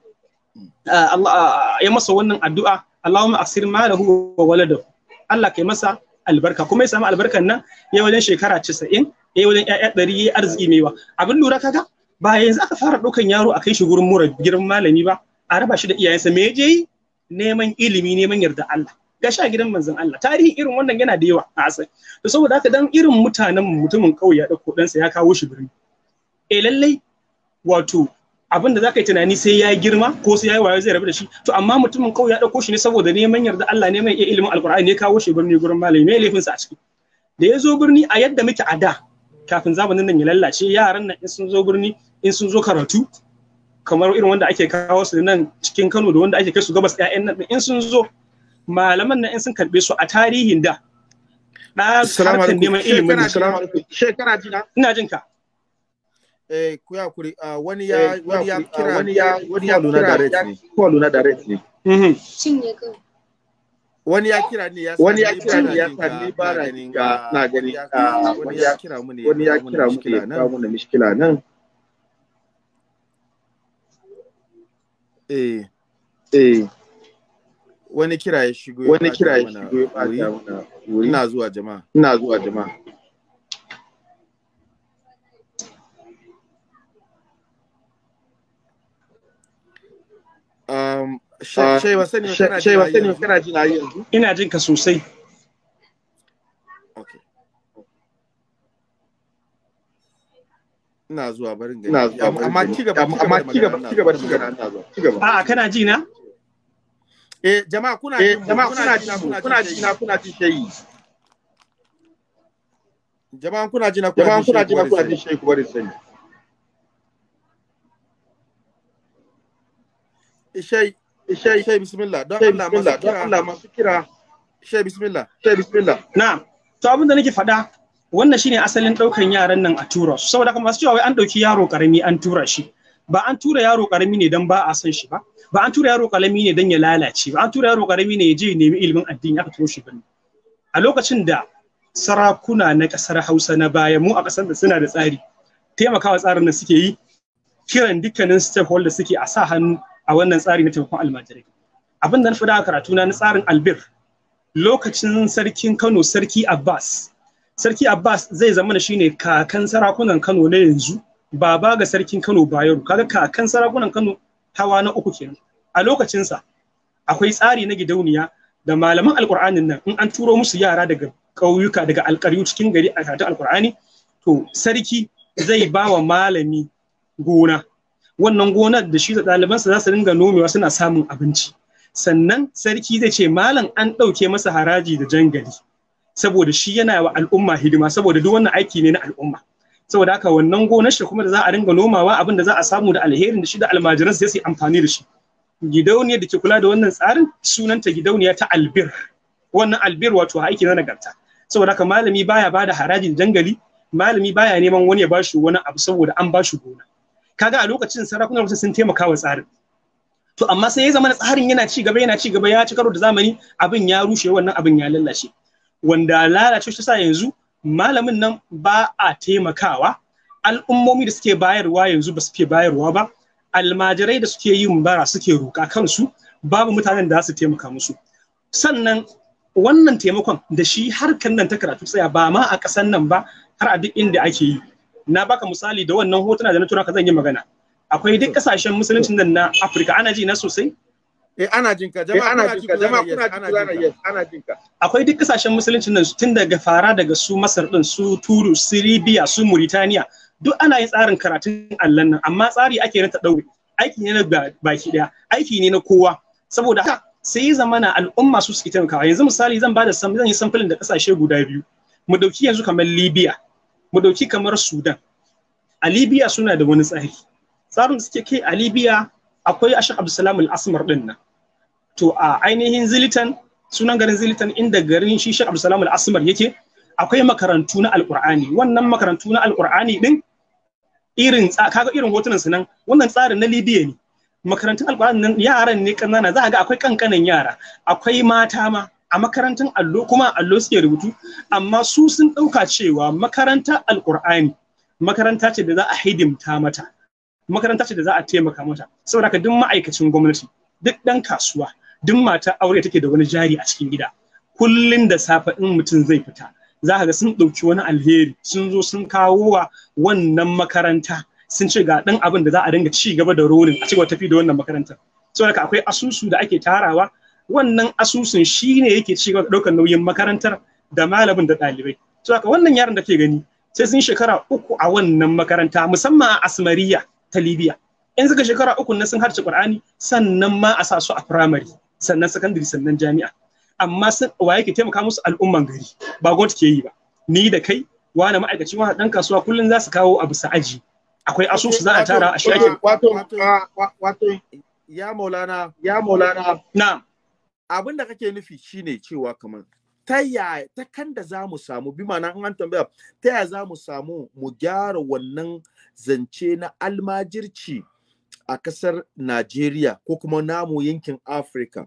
ya masa wannan addu'a Allahumma aksir malahu wa waladahu Allah kai masa albarka kuma ya samu albarkan nan ya wajen shekara 90 yayi eh, wajen ƴaƴa ɗari yayi arziki mai yawa abin lura kaga ba yanzu aka fara ɗaukan yaro a kai shi gurin mura girin malami ba a raba shi da iyayensa me yaje yi neman ilimi neman yarda Allah gashi a gidan manzon Allah tarihin irin wannan yana da yawa a asali to saboda haka dan irin mutanen mutumin kauye ya dauko ɗansa ya kawo shi birni eh lallai wato abin da za ka yi tunani sai ya girma ko sai ya yi wayo zai rabu da shi to amma mutumin kauye ya ɗauko shi ne saboda neman yarda Allah neman ilimin alkur'ani ne kawo shi birni gurin malami me sa a ciki da ya zo birni a yadda muke a da kafin zamanin nan ya lallace yaran nan in sun zo birni in sun zo karatu kamar irin wanda ake kawo su nan cikin Kano da wanda ake kai su gabas ƴaƴan nan in sun zo malaman nan in sun karbe su a tarihin da na harkar neman ilimin
shekara jina ina jin ka eh ku ah, ya eh, kuri wani ah, ya wani ya kira wani ya wani ya luna direct ne ko luna direct ne mhm shin ne kawai wani ya kira ni ya wani ya kira ni ya sa ni ba na ganin na ganin wani ya kira mu ne wani ya kira mu ne ba mu da mishkila nan eh eh wani kira ya shigo wani kira ya shigo ya bata mana wuri ina zuwa jama'a ina zuwa jama'a
um Ah, Shai ba sani kana jin ayi yanzu? Ina jin ka sosai.
Ina zuwa barin gani. Amma ci gaba ci gaba ci gaba ci ci gaba. A'a kana ji na? Eh jama'a kuna eh, jama'a kuna ji na kuna ji na kuna ji shayi. Jama'an kuna ji na kuna ji kuna ji shayi kuma bari sani. Eh,
Shai Shai bismillah don Allah masu kira Allah kira bismillah bismillah na'am to abin da nake faɗa wannan shine asalin ɗaukan yaran nan a tura su saboda kuma masu cewa wai an ɗauki yaro karami an tura shi ba an tura yaro karami ne don ba a son shi ba ba an tura yaro karami ne don ya lalace ba an tura yaro karami ne ya je nemi ilimin addini aka tura shi ba. a lokacin da sarakuna na ƙasar Hausa na baya mu a ƙasar da suna da tsari taimakawa tsarin da suke yi kiran dukkanin stakeholders suke a sa hannu a wannan tsari na taimakon almajirai abin da na faɗa a karatu na tsarin albir lokacin sarkin kano sarki abbas sarki abbas zai zama ne kakan sarakunan kano na yanzu baba ga sarkin kano bayaru kaga kakan sarakunan kano hawa na uku kenan a lokacinsa akwai tsari na gidauniya da malaman alkur'anin nan in an turo musu yara daga ƙauyuka daga alƙaryu cikin gari a karatun alkur'ani to sarki zai ba wa malami gona wannan gonar da shi da ɗalibansa za su ringa nomewa suna samun abinci sannan sarki zai ce malam an ɗauke masa haraji da jangali saboda shi yana wa al'umma hidima saboda duk wannan aiki ne na al'umma saboda haka wannan gonar shi kuma da za a ringa nomawa abin da za a samu da alherin da shi da almajiran sai su yi amfani da shi gidauniyar da ke kula da wannan tsarin sunanta gidauniya ta albir wannan albir wato aiki na nagarta saboda haka malami baya bada haraji da jangali malami baya neman wani ya bashi wani abu saboda an bashi gona kaga a lokacin sarakunan wasu sun taimaka wa tsarin to amma sai ya zama na tsarin yana ci gaba yana ci gaba ya ci karo da zamani abin ya rushe wannan abin ya lalace wanda lalace shi sa yanzu malamin nan ba a taimakawa al'ummomi da suke bayarwa yanzu ba su bayarwa ba almajirai da suke yin bara suke roƙa kansu babu mutanen da su taimaka musu sannan wannan taimakon da shi harkan nan ta karatu tsaya ba ma a ƙasan nan ba har a duk inda ake yi na baka misali da wannan hotuna da na tura ka zan yi magana akwai duk kasashen musuluncin nan na Afirka ana ji na sosai eh ana jin jama'a eh, ana jin jama'a kuna
jin ana ka
akwai duk kasashen musuluncin nan tun daga fara daga su Masar din su Turu su Libya su Mauritania duk ana yin tsarin karatun Allah nan amma tsari ake rinta daure aiki ne na baki daya aiki ne na kowa saboda haka sai zamana al'umma su suke taimakawa yanzu misali zan bada zan yi samfulin da kasashe guda biyu mu dauki yanzu kamar Libya mu dauki kamar sudan a libya suna da wani tsari tsarin da suke kai a libya akwai ashin abdulsalam al-asmar din nan to a ainihin zilitan sunan garin zilitan inda garin shi shi abdulsalam al-asmar yake akwai makarantu na alqur'ani wannan makarantu na alqur'ani din irin kaga irin hotunan su nan wannan tsarin na libya ne makarantun alqur'ani nan yaran ne kanana za ga akwai kankanan yara akwai mata ma a makarantar allo kuma allo suke rubutu amma su sun ɗauka cewa makarantar alkur'ani makaranta ce da za a hidimta mata makaranta ce da za a taimaka mata saboda haka duk ma'aikacin gwamnati duk ɗan kasuwa duk mata aure take da wani jari a cikin gida kullun da safe in mutum zai fita za ka ga sun ɗauki wani alheri sun zo sun kawo wa wannan makaranta sun ce ga ɗan abin da za a dinga ci gaba da rolin a cigaba tafi da wannan makarantar saboda akwai asusu da ake tarawa wannan asusun shi ne yake ci gaba ɗaukar nauyin makarantar da malamin da ɗalibai to haka wannan yaran da ke gani sai sun shekara uku a wannan makaranta musamman a asmariya ta libya in suka shekara uku na sun harce qur'ani sannan ma a sa su a primary sannan secondary sannan jami'a amma sun wa yake taimaka musu al'umman gari ba gwamnati ke yi ba ni da kai wa na ma'aikacin wa dan kasuwa kullum za su kawo abu sa aji akwai asusu za a tara a shi ake
wato wato ya maulana ya maulana na'am abin da kake nufi shine cewa kamar ta yaya ta kan da za mu samu bi ma'ana an an tambaya ta yaya za mu samu mu gyara wannan zance na almajirci a kasar Najeriya ko kuma namu yankin Afirka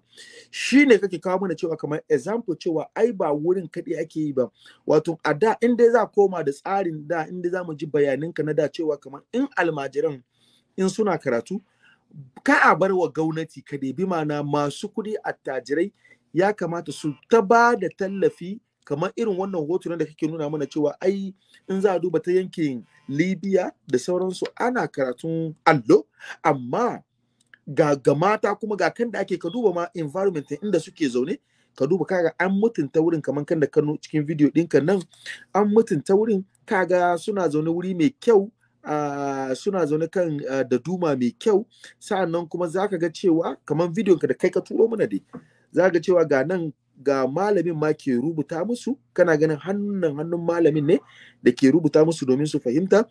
shi ne kake kawo mana cewa kamar example cewa ai ba wurin kaɗai ake yi ba wato a da inda za koma da tsarin da inda zamu za mu ji bayaninka na da cewa kamar in almajiran in suna karatu ka a bar wa gwamnati ka debi mana masu kuɗi attajirai ya kamata su ta ba da tallafi kamar irin wannan hotunan da kake nuna mana cewa ai in za a duba ta yankin libya da sauransu ana karatun allo amma ga, ga mata kuma ga kan da ake ka duba ma environment inda suke zaune ka duba kaga an mutunta wurin kamar kan da kano cikin video ɗinka nan an mutunta wurin kaga suna zaune wuri mai kyau Ah, suna zaune kan ah, da duma mai kyau sa'an nan kuma za ka ga cewa kamar bidiyon ka da kai ka turo mana dai za ka ga cewa ga nan ga malamin ma ke rubuta musu kana ganin hannun hannun malamin ne da ke rubuta musu domin su fahimta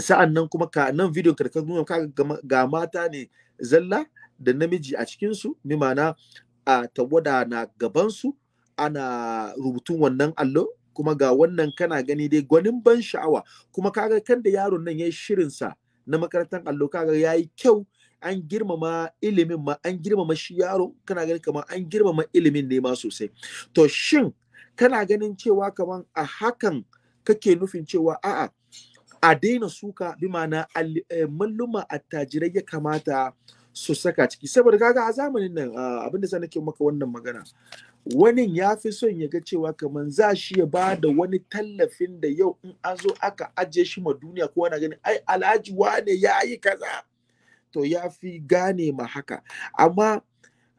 sa'an nan kuma ka nan bidiyon ka da ka nuna ga mata ne zalla da namiji a cikinsu bi ma'ana a ah, tawada na gabansu ana rubutun wannan allo kuma ga wannan kana gani dai gwanin ban sha'awa kuma kaga kan da yaron nan yi shirin sa na makarantar allo kaga ya yi kyau an girmama ilimin ma an girmama shi yaro kana gani kamar an girmama ilimin ne ma sosai to shin kana ganin cewa kamar a hakan kake nufin cewa a'a a daina suka bi ma'ana eh, malluma attajirai ya kamata su saka ciki saboda kaga a zamanin nan ah, abinda sa nake maka wannan magana wani ya fi son ya ga cewa kamar za shi ya ba da wani tallafin da yau in an zo aka ajiye shi ma duniya ko wani gani ai alhaji wane ya yi kaza to ya fi gane ma haka amma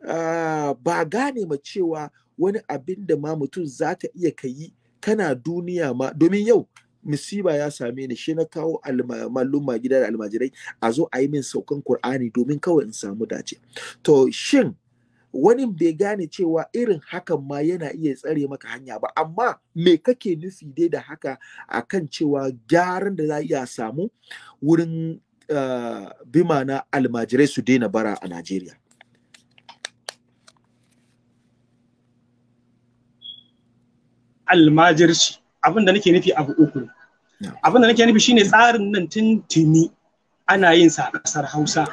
ah, ba gane ma cewa wani abin da ma mutum za ta iya ka yi kana duniya ma domin yau musiba ya same ni shi na kawo malluma gida da almajirai a zo a yi min saukan Kur'ani domin kawai in samu dace to shin wani bai gane cewa irin hakan ma yana iya tsare maka hanya ba amma me kake nufi dai da haka akan cewa gyaran da za a iya samu wurin uh, eh, bima na almajirai su daina bara a najeriya
almajirci abin da nake nufi abu uku abin da nake nufi shine tsarin nan tun tuni ana yin sa a ƙasar hausa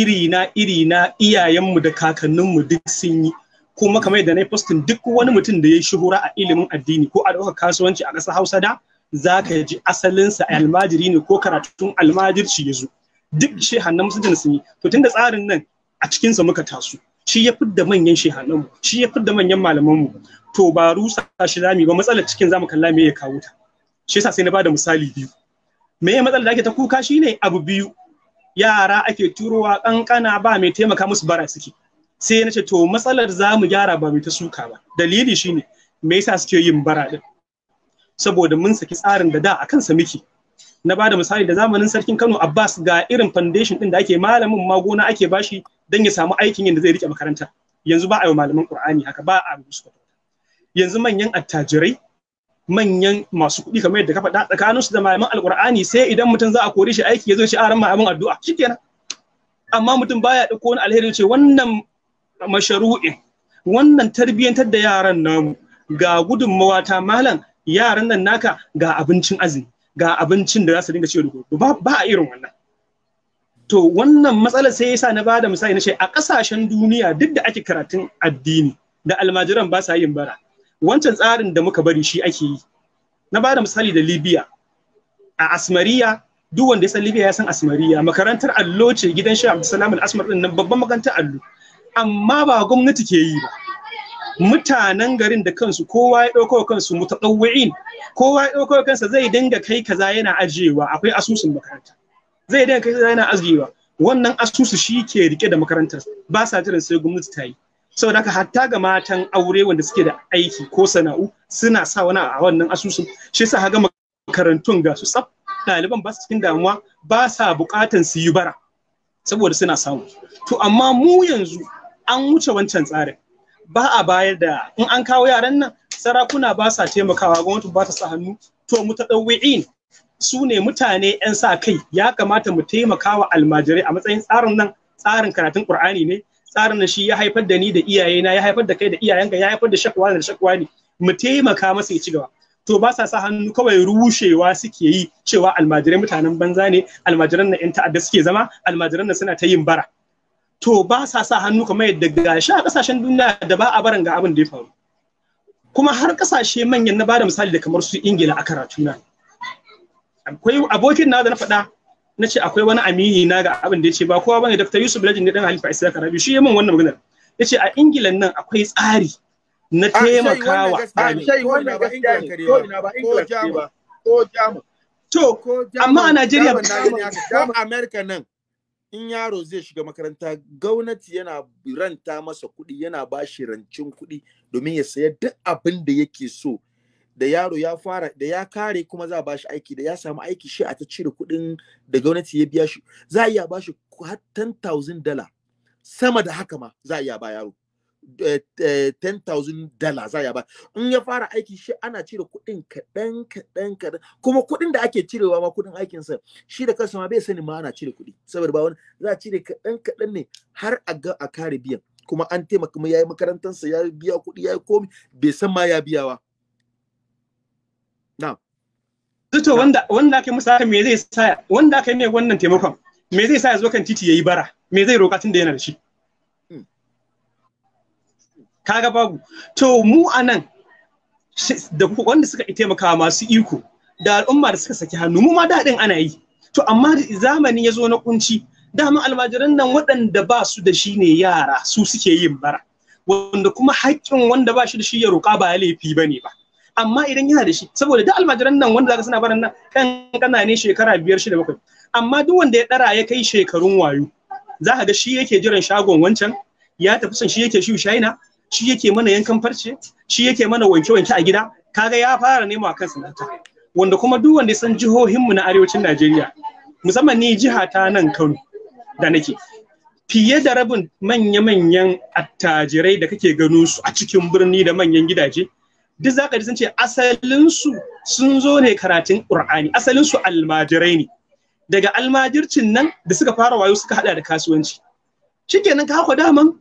irina irina iyayenmu da kakanninmu duk sun yi kuma kamar da na yi postin duk wani mutum da ya yi shuhura a ilimin addini ko a ɗaukar kasuwanci a ƙasar hausa da za ka ji asalinsa almajiri ne ko karatun almajirci ya zo duk shehannan musulun sun yi to tun da tsarin nan a cikinsa muka taso shi ya fidda manyan shehannanmu shi ya fidda manyan malamanmu to ba rusa shi zami ba matsalar cikin zamu kalla me ya kawo ta shi yasa sai na bada misali biyu me ya matsalar da ake ta kuka shi ne abu biyu yara ake turowa kankana ba mai taimaka musu bara suke sai na ce to matsalar za mu gyara ba mai ta suka ba dalili shine me yasa suke yin bara din saboda mun saki tsarin da da a kansa miki na bada misali da zamanin sarkin Kano Abbas ga irin foundation din da ake malamin magona ake bashi dan ya samu aikin yadda zai rike makaranta yanzu ba a yi malaman Qur'ani haka ba a yanzu manyan attajirai manyan masu kuɗi kamar yadda ka faɗa su da malaman alkur'ani sai idan mutum za a kore shi aiki ya zo shi aran malaman addu'a shikenan amma mutum baya da wani alheri ce wannan masharu'in wannan tarbiyyantar da yaran namu ga gudunmawa ta malam yaran nan naka ga abincin azumi ga abincin da za su dinga ciwo da ba a irin wannan to wannan matsalar sai yasa na bada misali na ce a kasashen duniya duk da ake karatun addini da almajiran ba sa yin bara wancan tsarin da muka bari shi ake yi na bada misali da libya a asmariya duk wanda ya san libya ya san asmariya makarantar allo ce gidan shi salam al-asmar din nan babban makarantar allo amma ba gwamnati ke yi ba mutanen garin da kansu kowa ya dauko kansu mutadawwi'in kowa ya dauko kansa zai dinga kai kaza yana ajiyewa akwai asusun makaranta zai dinga kai kaza yana ajiyewa wannan asusu shi ke rike da makarantar ba sa jiran sai gwamnati ta yi Sau da hatta ga matan aure wanda suke da aiki ko sana'u suna sa wani a wannan asusun shi yasa ga makarantun ga su tsaf ɗaliban ba su cikin damuwa ba sa buƙatan su yi bara saboda suna samu to amma mu yanzu an wuce wancan tsarin ba a bayar da in an kawo yaran nan sarakuna ba sa taimakawa gwamnati ba ta sa hannu to mu ta su ne mutane 'yan sa kai ya kamata mu taimaka wa almajirai a matsayin tsarin nan tsarin karatun Ƙur'ani ne tsarin da shi ya haifar da ni da iyayena ya haifar da kai da iyayenka ya haifar da shakwa da shakwa ne mu taimaka masa ya ci gaba to ba sa sa hannu kawai rushewa suke yi cewa almajirai mutanen banza ne almajiran na 'yan ta'adda suke zama almajiran na suna ta yin bara to ba sa sa hannu kamar yadda gashi a kasashen duniya da ba a barin ga abin da ya faru kuma har kasashe manyan na bada misali da kamar su ingila a karatu na akwai abokin na da na faɗa na ce akwai wani amini na ga abin da ya ce ba kowa bane dr yusuf lajin ne dan halifa isa karabi shi ya min wannan maganar ya ce a Ingila nan akwai tsari na taimakawa to amma a najeriya
ba america nan in yaro zai shiga makaranta gwamnati yana ranta masa kuɗi yana ba shi rancin kuɗi domin ya saya duk abin da yake so da yaro ya fara da ya kare kuma za a bashi aiki da ya samu aiki shi a ta cire kuɗin da gwamnati ya biya shi za a iya bashi har 10,000 dala sama da haka ma za a iya ba yaro 10,000 eh, eh, dala za a iya ba in ya fara aiki shi ana cire kuɗin kaɗan kaɗan kaɗan kuma kuɗin da ake cirewa ma kuɗin aikinsa shi da kansa ma bai sani ma ana cire kuɗi saboda ba wani za a cire kaɗan kaɗan ne har a ga a kare biyan kuma an taimaka ya yi makarantarsa ya biya kuɗi ya yi komi bai san ma ya biyawa
Zuto wanda wanda aka musa haka me zai sa wanda aka yi wannan taimakon me zai sa ya zo kan titi yayi bara me zai roka tun yana da shi. Hmm. Kaga babu to mu anan da wanda suka taimaka masu iko da al'umma da suka saki hannu mu ma daɗin ana yi to amma zamani ya zo na kunci dama almajiran nan waɗanda ba su da shi ne yara su suke yin bara wanda kuma haƙƙin wanda ba shi da shi ya roƙa ba laifi ba ne ba amma idan yana da shi saboda duk almajiran nan wanda zaka suna barin nan kan kana ne shekara biyar shida bakwai amma duk wanda ya dara ya kai shekarun wayo za ka ga shi yake jiran shagon wancan ya tafi san shi yake shi shaina shi yake mana yankan farce shi yake mana wanke wanke a gida kaga ya fara nema kansa mafita wanda kuma duk wanda ya san mu na arewacin Najeriya musamman ni jiha ta nan Kano da nake fiye da rabin manya-manyan attajirai da kake gano su a cikin birni da manyan gidaje duk zaka ji sun ce asalinsu sun zo ne karatun ƙur'ani. Asalinsu almajirai ne daga almajircin nan da suka fara wayo suka hada da kasuwanci shikenan ka hako daman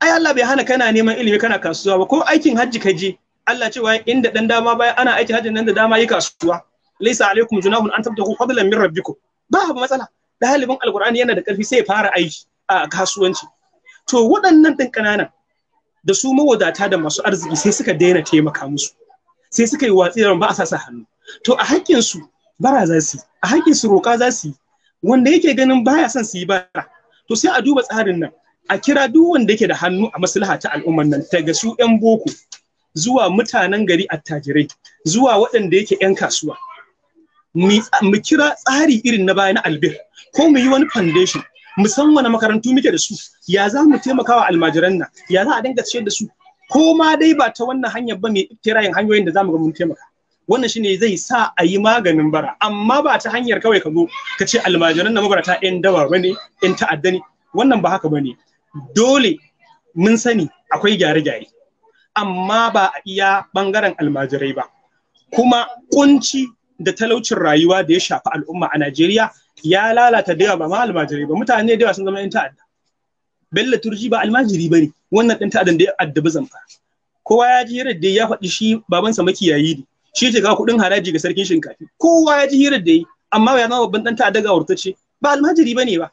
ai Allah bai hana kana neman ilimi kana kasuwa ba ko aikin hajji ka je Allah cewa inda dan dama baya ana aikin hajji nan da dama yi kasuwa laisa alaikum junahun an tabtahu fadlan min rabbikum ba abu matsala dalibin alqur'ani yana da karfi sai ya fara aiki a kasuwanci to waɗannan din kananan da su mawadata da masu arziki sai suka daina taimaka musu sai suka yi watsi da ba a sa hannu to a hakkin su bara za su a hakkin su roƙa za su wanda yake ganin baya son su yi bara to sai a duba tsarin nan a kira duk wanda yake da hannu a maslaha ta al'umman nan daga su yan boko zuwa mutanen gari attajirai zuwa waɗanda yake yan kasuwa mu kira tsari irin na baya na albir ko mu yi wani foundation Musamman a makarantu muke da su ya za mu taimaka wa almajiran nan ya za a dinga ciyar da su ko ma dai ba ta wannan hanyar ba mai iftirayin hanyoyin da za mu ga mun taimaka wannan shine zai sa a yi maganin bara amma ba ta hanyar kawai ka zo ka ce almajiran na mabarata yan dawa bane yan ta'adda ne wannan ba haka bane dole mun sani akwai gyare-gyare amma ba a iya bangaren almajirai ba kuma kunci da talaucin rayuwa da ya shafi al'umma a Najeriya ya lalata da yawa ba ma almajiri ba mutane da yawa sun zama yan ta'adda bello turji ba almajiri ba ne wannan ɗan ta'addan da ya addabi zamfa kowa ya ji hirar da ya faɗi shi babansa makiyayi ne shi ce ga kuɗin haraji ga sarkin shinkafi kowa ya ji hirar da yi amma ya zama babban ɗan ta'adda ga wurtacce ba almajiri ba ne ba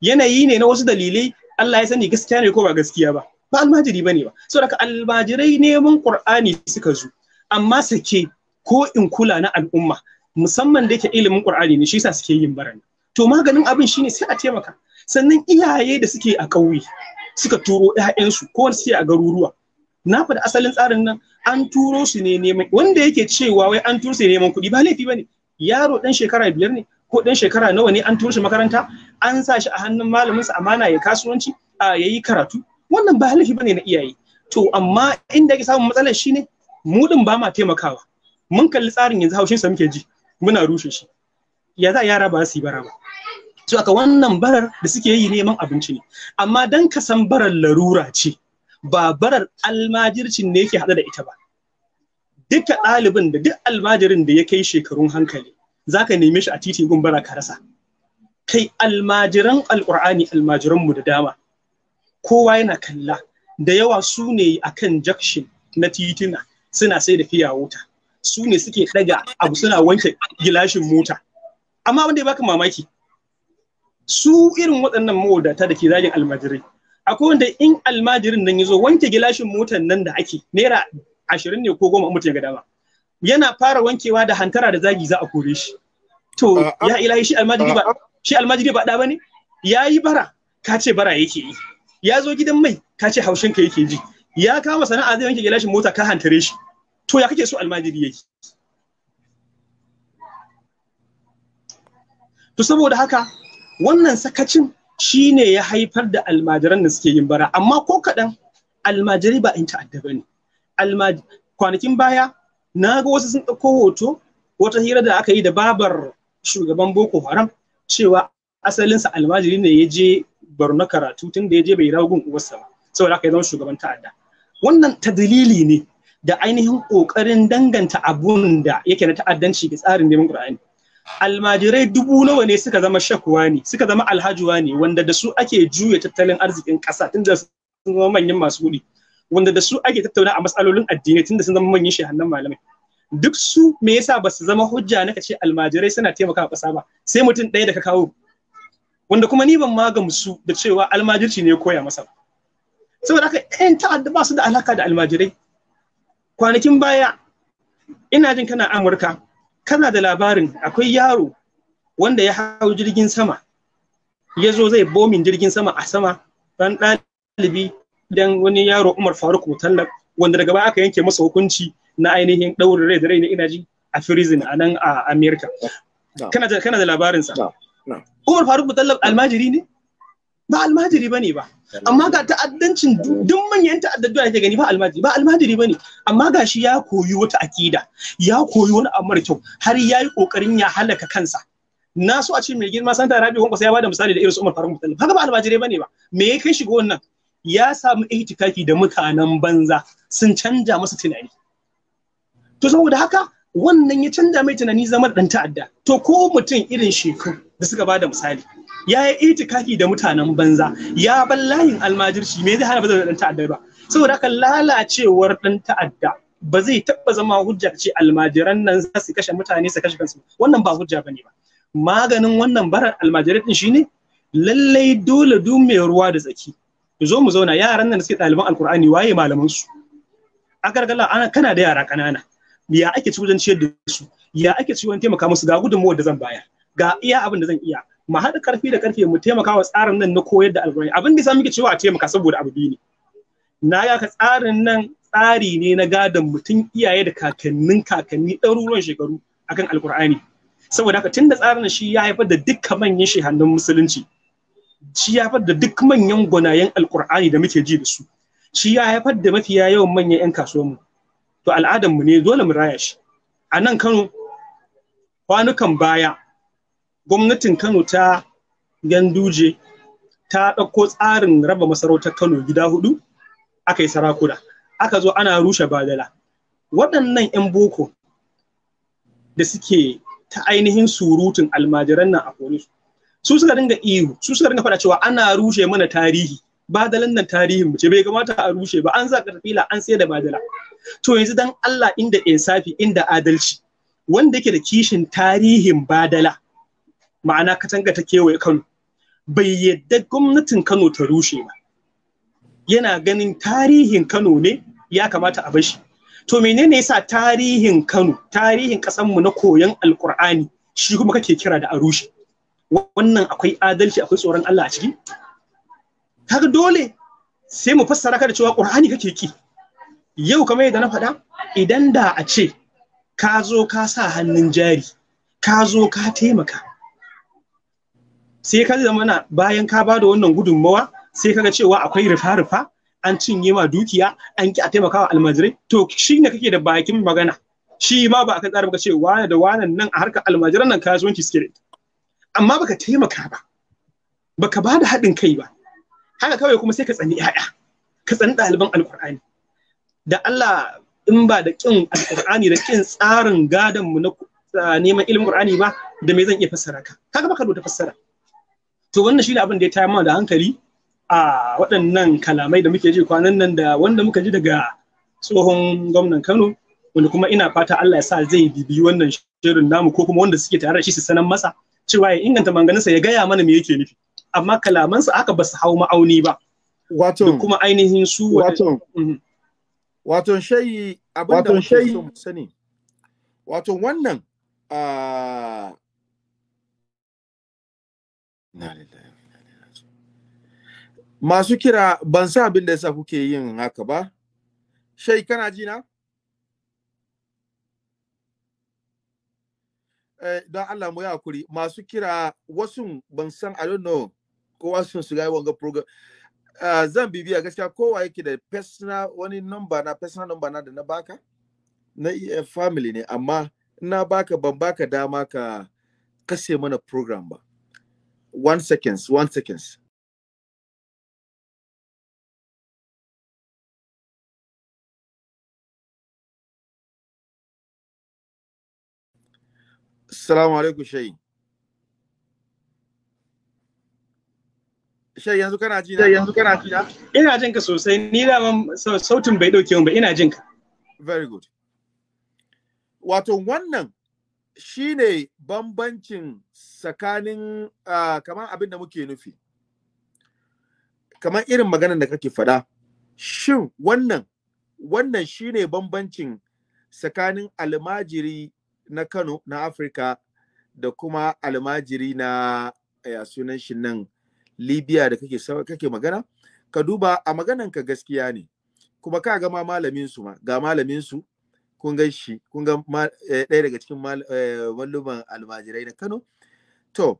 yanayi ne na wasu dalilai Allah ya sani gaskiya ne ko ba gaskiya ba ba almajiri ba ne ba saboda almajirai neman qur'ani suka zo amma sake ko in kula na al'umma musamman da yake ilimin qur'ani ne shi yasa suke yin barani. to maganin abin shine sai a taimaka sannan iyaye da suke a ƙauye suka turo ƴaƴansu ko suke a garuruwa na da asalin tsarin nan an turo su ne neman wanda yake cewa wai an turo su neman kuɗi ba laifi bane yaro dan shekara biyar ne ko dan shekara nawa ne an turo shi makaranta an sa shi a hannun malamin sa amana ya kasuwanci a yayi karatu wannan ba laifi bane na iyaye to amma inda ke samun matsalar shine mu din ba ma taimakawa mun kalli tsarin yanzu haushin sa muke ji muna rushe shi ya za yara ba su yi bara ba to aka wannan barar da suke yi neman abinci ne amma dan ka san barar larura ce ba barar almajircin ne yake hada da ita ba duka ɗalibin da duk almajirin da ya kai shekarun hankali zaka ka neme shi a titi gun bara ka rasa kai almajiran almajiran mu da dama kowa yana kalla da yawa su ne a kan jakshin na tituna suna sai da fiya wuta Sune ne suke daga abu suna wanke gilashin mota amma wanda ya baka mamaki su irin waɗannan mawadata da ke zagin almajirai akwai wanda in almajirin nan ya zo wanke gilashin motar nan da ake naira ashirin ne ko goma mutum ya ga dama yana fara wankewa da hantara da zagi za a kore shi to ya ilahi shi almajiri ba shi almajiri ba ne? Ya yayi bara ka ce bara yake yi ya zo gidan mai ka ce haushin ka yake ji ya kama sana'a zai wanke gilashin mota ka hantare shi to ya kake so almajiri yake to saboda haka wannan sakacin shine ya haifar da almajiran da suke yin bara amma ko kaɗan almajiri ba in ta'adda ba ne kwanakin baya na ga wasu sun ɗauko hoto wata hira da aka yi da babar shugaban boko haram cewa asalinsa almajiri ne ya je borno karatu tun da ya je bai gun uwarsa ba saboda aka yi zama shugaban ta'adda wannan ta dalili ne da ainihin ƙoƙarin danganta abun da yake na ta'addanci da tsarin neman Qur'ani. Almajirai dubu nawa ne suka zama shakuwa ne, suka zama alhajuwa ne, wanda da su ake juya tattalin arzikin ƙasa tun da sun zama manyan masu kuɗi, wanda da su ake tattauna a matsalolin addini tun da sun zama manyan shehannan malamai. Duk su me yasa ba su zama hujja na kace almajirai suna taimakawa ƙasa ba, sai mutum ɗaya da ka kawo. Wanda kuma ni ban magamsu da cewa almajirci ne koya masa. Saboda haka 'yan ta'adda ba su da alaka da almajirai, kwanakin baya ina jin kana amurka kana da labarin akwai yaro wanda ya hau jirgin sama ya zo zai bomin jirgin sama a sama ɗan ɗalibi don wani yaro umar faruk mutalla wanda daga baya aka yanke masa hukunci na ainihin ɗaurin rai da rai na ina ji a prison a nan a america kana da labarinsa umar faruk mutalla almajiri ne ba almajiri bane ba amma ga ta'addancin duk manyan ta'addadu ake gani ba almajiri ba almajiri bane amma ga shi ya koyi wata akida ya koyi wani abu mara kyau har ya yi kokarin ya halaka kansa na so a ce mai girma santa rabi sai ya bada misali da irin su umar faruk mutalib haka ba almajiri bane ba me ya kai shiga wannan ya samu ihtikafi da mutanen banza sun canja masa tunani to saboda haka wannan ya canja mai tunani zama dan ta'adda to ko mutum irin shekaru da suka bada misali ya yi itikafi da mutanen banza ya bar layin almajirci me zai hana ba zai dan ta'adda ba saboda haka lalacewar dan ta'adda ba zai taba zama hujja ce almajiran nan za su kashe mutane su kashe kansu wannan ba hujja bane ba maganin wannan barar almajirai din shine lallai dole du mai ruwa da tsaki zo mu zauna yaran nan da suke ɗaliban alkur'ani waye malaman su a gargala ana kana da yara ƙanana ya ake ci wajen ciyar da su ya ake ci wajen taimaka musu ga gudunmuwar da zan bayar ga iya abin da zan iya mu haɗa ƙarfi da ƙarfe mu taimaka wa tsarin nan na koyar da alƙur'ani abin da muke cewa a taimaka saboda abu biyu ne na ga ka tsarin nan tsari ne na gadon mutum iyaye da kakannin kakanni ɗaruruwan shekaru akan alƙur'ani saboda haka tunda tsarin shi ya haifar da dukkan manyan shehannun musulunci shi ya haifar da duk manyan gwanayen alƙur'ani da muke ji da su shi ya haifar da mafiya yawan manyan 'yan mu. to al'adanmu ne dole mu raya shi a nan kano kwanukan baya gwamnatin Kano ta Ganduje ta ɗauko tsarin raba masarautar Kano gida hudu aka yi sarakuna aka zo ana rushe badala waɗannan 'yan boko da suke ta ainihin surutun almajiran nan a su su suka dinga ihu su suka dinga faɗa cewa ana rushe mana tarihi badalan nan tarihin ce bai kamata a rushe ba an za ka an sai da badala to yanzu dan Allah inda insafi inda adalci wanda yake da kishin tarihin badala ma'ana katanga ta kewaye kano bai yadda gwamnatin kano ta rushe ba yana ganin tarihin kano ne ya kamata a bashi to menene yasa tarihin kano tarihin mu na koyon alkur'ani shi kuma kake kira da a rushe wannan akwai adalci akwai tsoron Allah a ciki kaga dole sai mu fassara ka da cewa qur'ani kake ki yau kamar yadda na faɗa idan da a ce ka zo ka sa hannun jari ka zo ka taimaka sai ka zama na bayan ka bada wannan gudunmawa sai kaga cewa akwai rufa-rufa an cinye ma dukiya an ki a taimakawa almajirai to shi ne kake da bakin magana shi ma ba ka tsara tsara ka ce wane da wane nan a harkar almajiran nan kasuwanci suke da amma baka taimaka ba baka ba da haɗin kai ba haka kawai kuma sai ka tsani 'ya'ya ka tsani ɗaliban Alƙur'ani, da Allah in ba da kin Alƙur'ani da kin tsarin gadonmu na neman ilimin ƙur'ani ba da me zan iya fassara ka kaga baka da fassara to wannan shi ne abin da ya tayar mana da hankali a waɗannan kalamai da muke ji kwanan nan da wanda muka ji daga tsohon gwamnan Kano wanda kuma ina fata Allah ya sa zai bibiyi wannan shirin namu ko kuma wanda suke tare da shi su sanan masa cewa ya inganta manganinsa ya gaya mana me yake nufi amma kalamansa aka ba su hau ma'auni ba wato kuma ainihin su wato
mhm. wato shayi abin da sani wato wannan ah, Masu kira ban sa abin da yasa kuke yin haka ba. Shai kana ji na? Eh, don Allah mu yi hakuri masu kira wasu ban san I don't know wasu sun ga wanga program uh, zan bibiya gaskiya kowa yake da personal wani number na personal number na da na baka na eh, family ne amma na baka ban baka dama ka kashe mana program ba one seconds, one seconds. Salamu alaikum shayi. Shayi yanzu kana ji na? yanzu kana ji na?
Ina jin ka sosai, ni da sautin bai dauke mun ba ina jin ka.
Very good. Wato wannan shi ne bambancin tsakanin kamar abin da muke nufi kamar irin maganar da kake faɗa shin wannan wannan shi ne bambancin tsakanin almajiri na kano na afirka da kuma almajiri na ya sunan shi nan libya da kake magana ka duba a maganan ka gaskiya ne kuma ka ga ma malamin su ma ga malamin su kun gan shi kun ga eh, ɗaya daga cikin eh, malluman almajirai na Kano to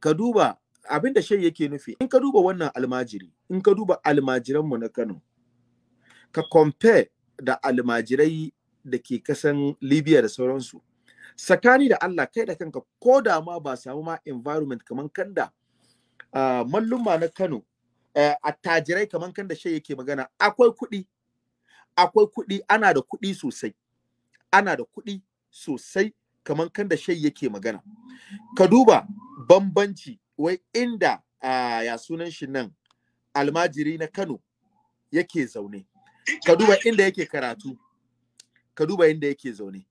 ka duba abin da shai yake nufi in ka duba wannan almajiri in ka duba almajiranmu na Kano ka compare da almajirai da ke kasan Libya da sauransu sakani da Allah kai da kanka ko da ma ba samu ma environment kaman kanda ah, malluma na Kano eh, attajirai kaman kanda shai yake magana akwai kuɗi akwai kuɗi ana da kuɗi sosai ana da kuɗi sosai kamar kan da shai yake magana ka duba bambanci wai inda uh, ya sunan shi nan almajiri na kano yake zaune ka duba inda yake karatu ka duba inda yake zaune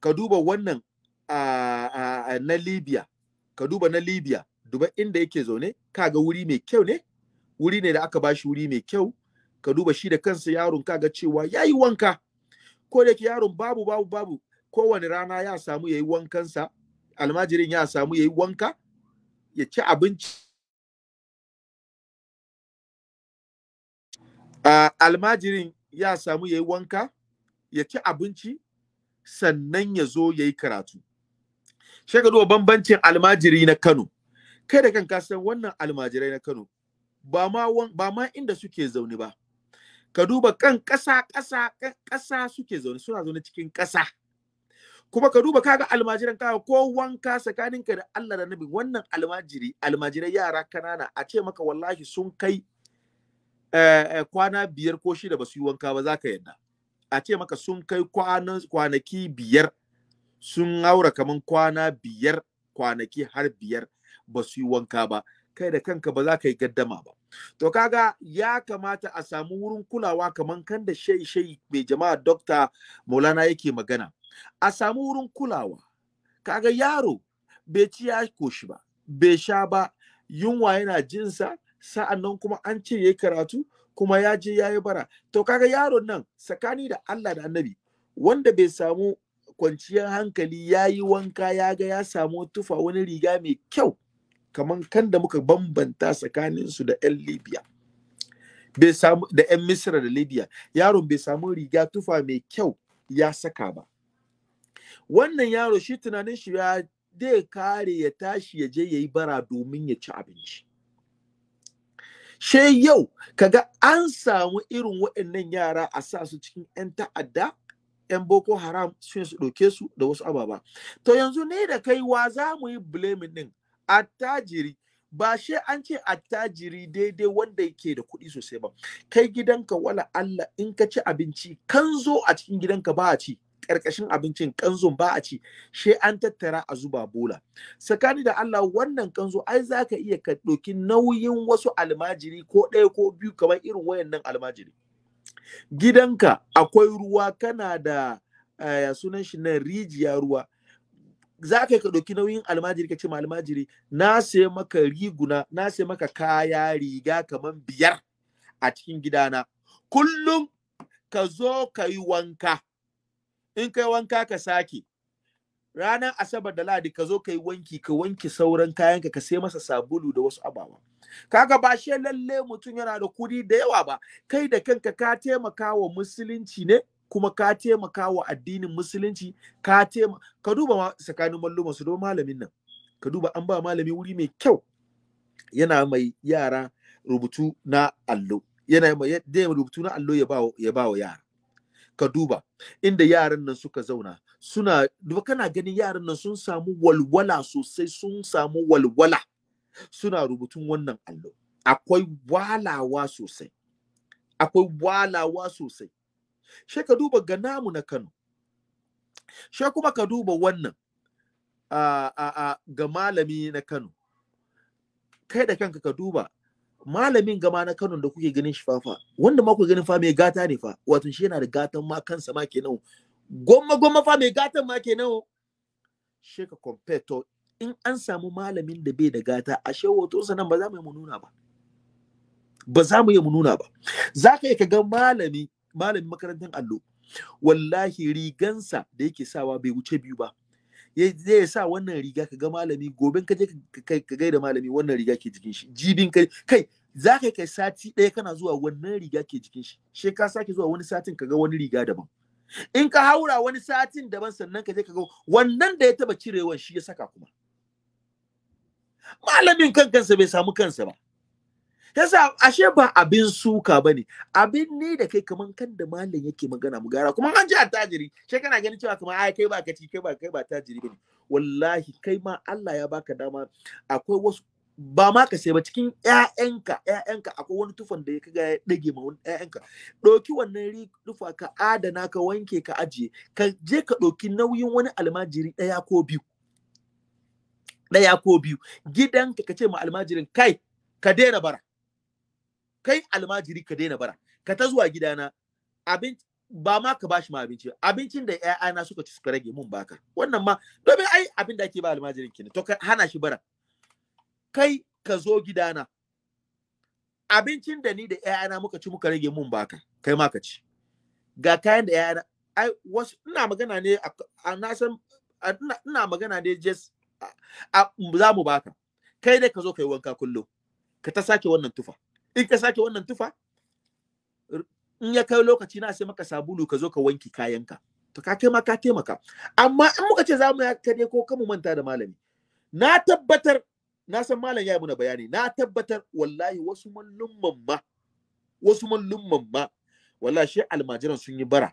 ka duba wannan uh, uh, na libya ka duba na libya duba inda yake zaune kaga wuri mai kyau ne wuri ne da aka bashi wuri mai kyau ka duba shi da kansa yaron ga cewa ya yi wanka ko da yake yaron babu babu babu kowane rana ya samu ya yi wankansa almajirin ya samu yi wanka ya ci abinci almajirin ya samu yi wanka ya ci abinci sannan ya zo ya yi karatu Shekaru duba bambancin almajiri na Kano kai da kanka san wannan almajirai na Kano ba ma inda suke zaune ba ka duba kan ƙasa ƙasa ƙasa suke zaune suna zaune cikin ƙasa kuma ka duba kaga almajiran kaga ko wanka tsakaninka da Allah da Nabi wannan almajiri almajirai yara kanana a ce maka wallahi sun kai eh, eh, kwana biyar ko shida ba su yi wanka ba zaka ka yadda a ce maka sun kai kwanaki biyar sun haura kaman kwana biyar kwanaki har biyar ba su yi wanka ba kai da kanka ba za ka yi gaddama ba to kaga ya kamata a samu wurin kulawa kamar kan da shai shai mai jama'a dokta maulana yake magana a samu wurin kulawa kaga yaro bai ci ya koshi ba bai sha ba yunwa yana jinsa sa'an nan kuma an ce ya karatu kuma ya je ya yi bara to kaga yaron nan tsakani da allah da annabi wanda bai samu kwanciyar hankali ya yi wanka ya ga ya samu tufa wani riga mai kyau kamar kan da muka bambanta tsakanin su da 'yan libya bai samu da 'yan misra da libya yaron bai samu riga tufa mai kyau ya saka ba wannan yaro shi tunanin shi ya dai kare ya tashi ya je ya yi bara domin ya ci abinci
she yau kaga
an samu irin waɗannan yara a sa su cikin 'yan ta'adda 'yan boko haram su su ɗauke su da wasu ababa to yanzu ne da kai wa za mu yi blaming ɗin attajiri ba shi an ce attajiri daidai wanda yake da kuɗi sosai ba kai gidanka wala Allah in ka ci abinci kan zo a cikin gidanka ba a ci ƙarƙashin abincin kanzon ba a ci she an tattara a zuba bola sakani da Allah wannan kanzo ai za ka iya ka ɗauki nauyin wasu almajiri ko ɗaya ko biyu kamar irin wayannan almajiri gidanka akwai ruwa kana da eh, sunan shi nan rijiya ruwa za ka yi ka ɗauki nauyin almajiri ka ce ma almajiri na sai maka riguna na sai maka kaya riga kamar biyar a cikin gidana kullum ka zo ka yi wanka in kai wanka ka sake ranar asabar da ladi ka zo ka yi wanki ka wanki sauran kayanka ka sai masa sabulu da wasu ababa kaga ba shi lalle mutum yana da kuɗi da yawa ba kai da kanka ka taimaka wa musulunci ne kuma ka taimaka wa addinin musulunci ka taimaka ka duba ma tsakanin mallumansu, su malamin nan ka duba an ba malami wuri mai kyau yana mai yara rubutu na allo yana mai rubutu na allo ya ba ya ba wa yara ka duba inda yaran nan suka zauna suna duba kana ganin yaran nan sun samu walwala sosai sun samu walwala suna rubutun wannan allo akwai walawa sosai akwai walawa sosai she ka duba ga namu na Kano she kuma ka duba wannan a a a ga malami na Kano kai da kanka ka duba malamin gama na Kano da kuke ganin shi fafa wanda ma kuke ganin fa mai gata ne fa wato shi yana da gatan ma kansa ma kenan gomma gomma fa mai gatan ma kenan she ka kompeto in an samu malamin da bai da gata ashe wato sanan ba za mu yi mu nuna ba ba za mu yi mu nuna ba za ka yi ka ga malami malamin makarantar allo wallahi rigansa da yake sawa bai wuce biyu ba zai sa wannan riga ka ga malami gobe ka je ka gaida malami wannan riga ke jikin shi jibin kai kai za ka kai sati ɗaya kana zuwa wannan riga ke jikin shi she ka sake zuwa wani satin ka ga wani riga daban in ka haura wani satin daban sannan ka je ka ga wannan da ya taba cirewan shi ya saka kuma malamin kankansa bai samu kansa ba yasa ashe ba abin suka bane abin ne da kai kaman kan da malam yake magana mu gara kuma an ji tajiri shi kana ganin cewa kuma ai kai ba ci, kai ba kai ba tajiri bane wallahi kai ma Allah ya baka dama akwai wasu ba ma ka sai ba cikin ƴaƴanka ƴaƴanka akwai wani tufan da ya kaga ya dage ma wani ƴaƴanka ɗauki wannan rufa ka adana ka wanke ka ajiye ka je ka ɗauki nauyin wani almajiri ɗaya ko biyu ɗaya ko biyu gidanka ka ce ma almajirin kai ka daina bara kai almajiri ka daina bara ka ta zuwa gidana abin ba ma ka bashi ma abinci abincin da ƴaƴana suka ci suka rage mun baka wannan ma domin ai abin da ake ba almajirin ne to ka hana shi bara kai ka zo gidana abincin da ni da ƴaƴana muka ci muka rage mun baka kai ma ka ci ga kayan da ƴaƴana ai wasu ina magana ne a na san ina magana ne just za mu baka kai dai ka zo kai wanka kullum ka ta sake wannan tufa in ka sake wannan tufa in ya kai lokaci na sai maka sabulu ka zo ka wanki kayanka to ka kai ma ka taimaka amma in muka ce za mu ka ne ko mu manta da malami na tabbatar na san malam ya yi muna bayani na tabbatar wallahi wasu mallumman ma wasu mallumman ma wallahi shi almajiran sun yi bara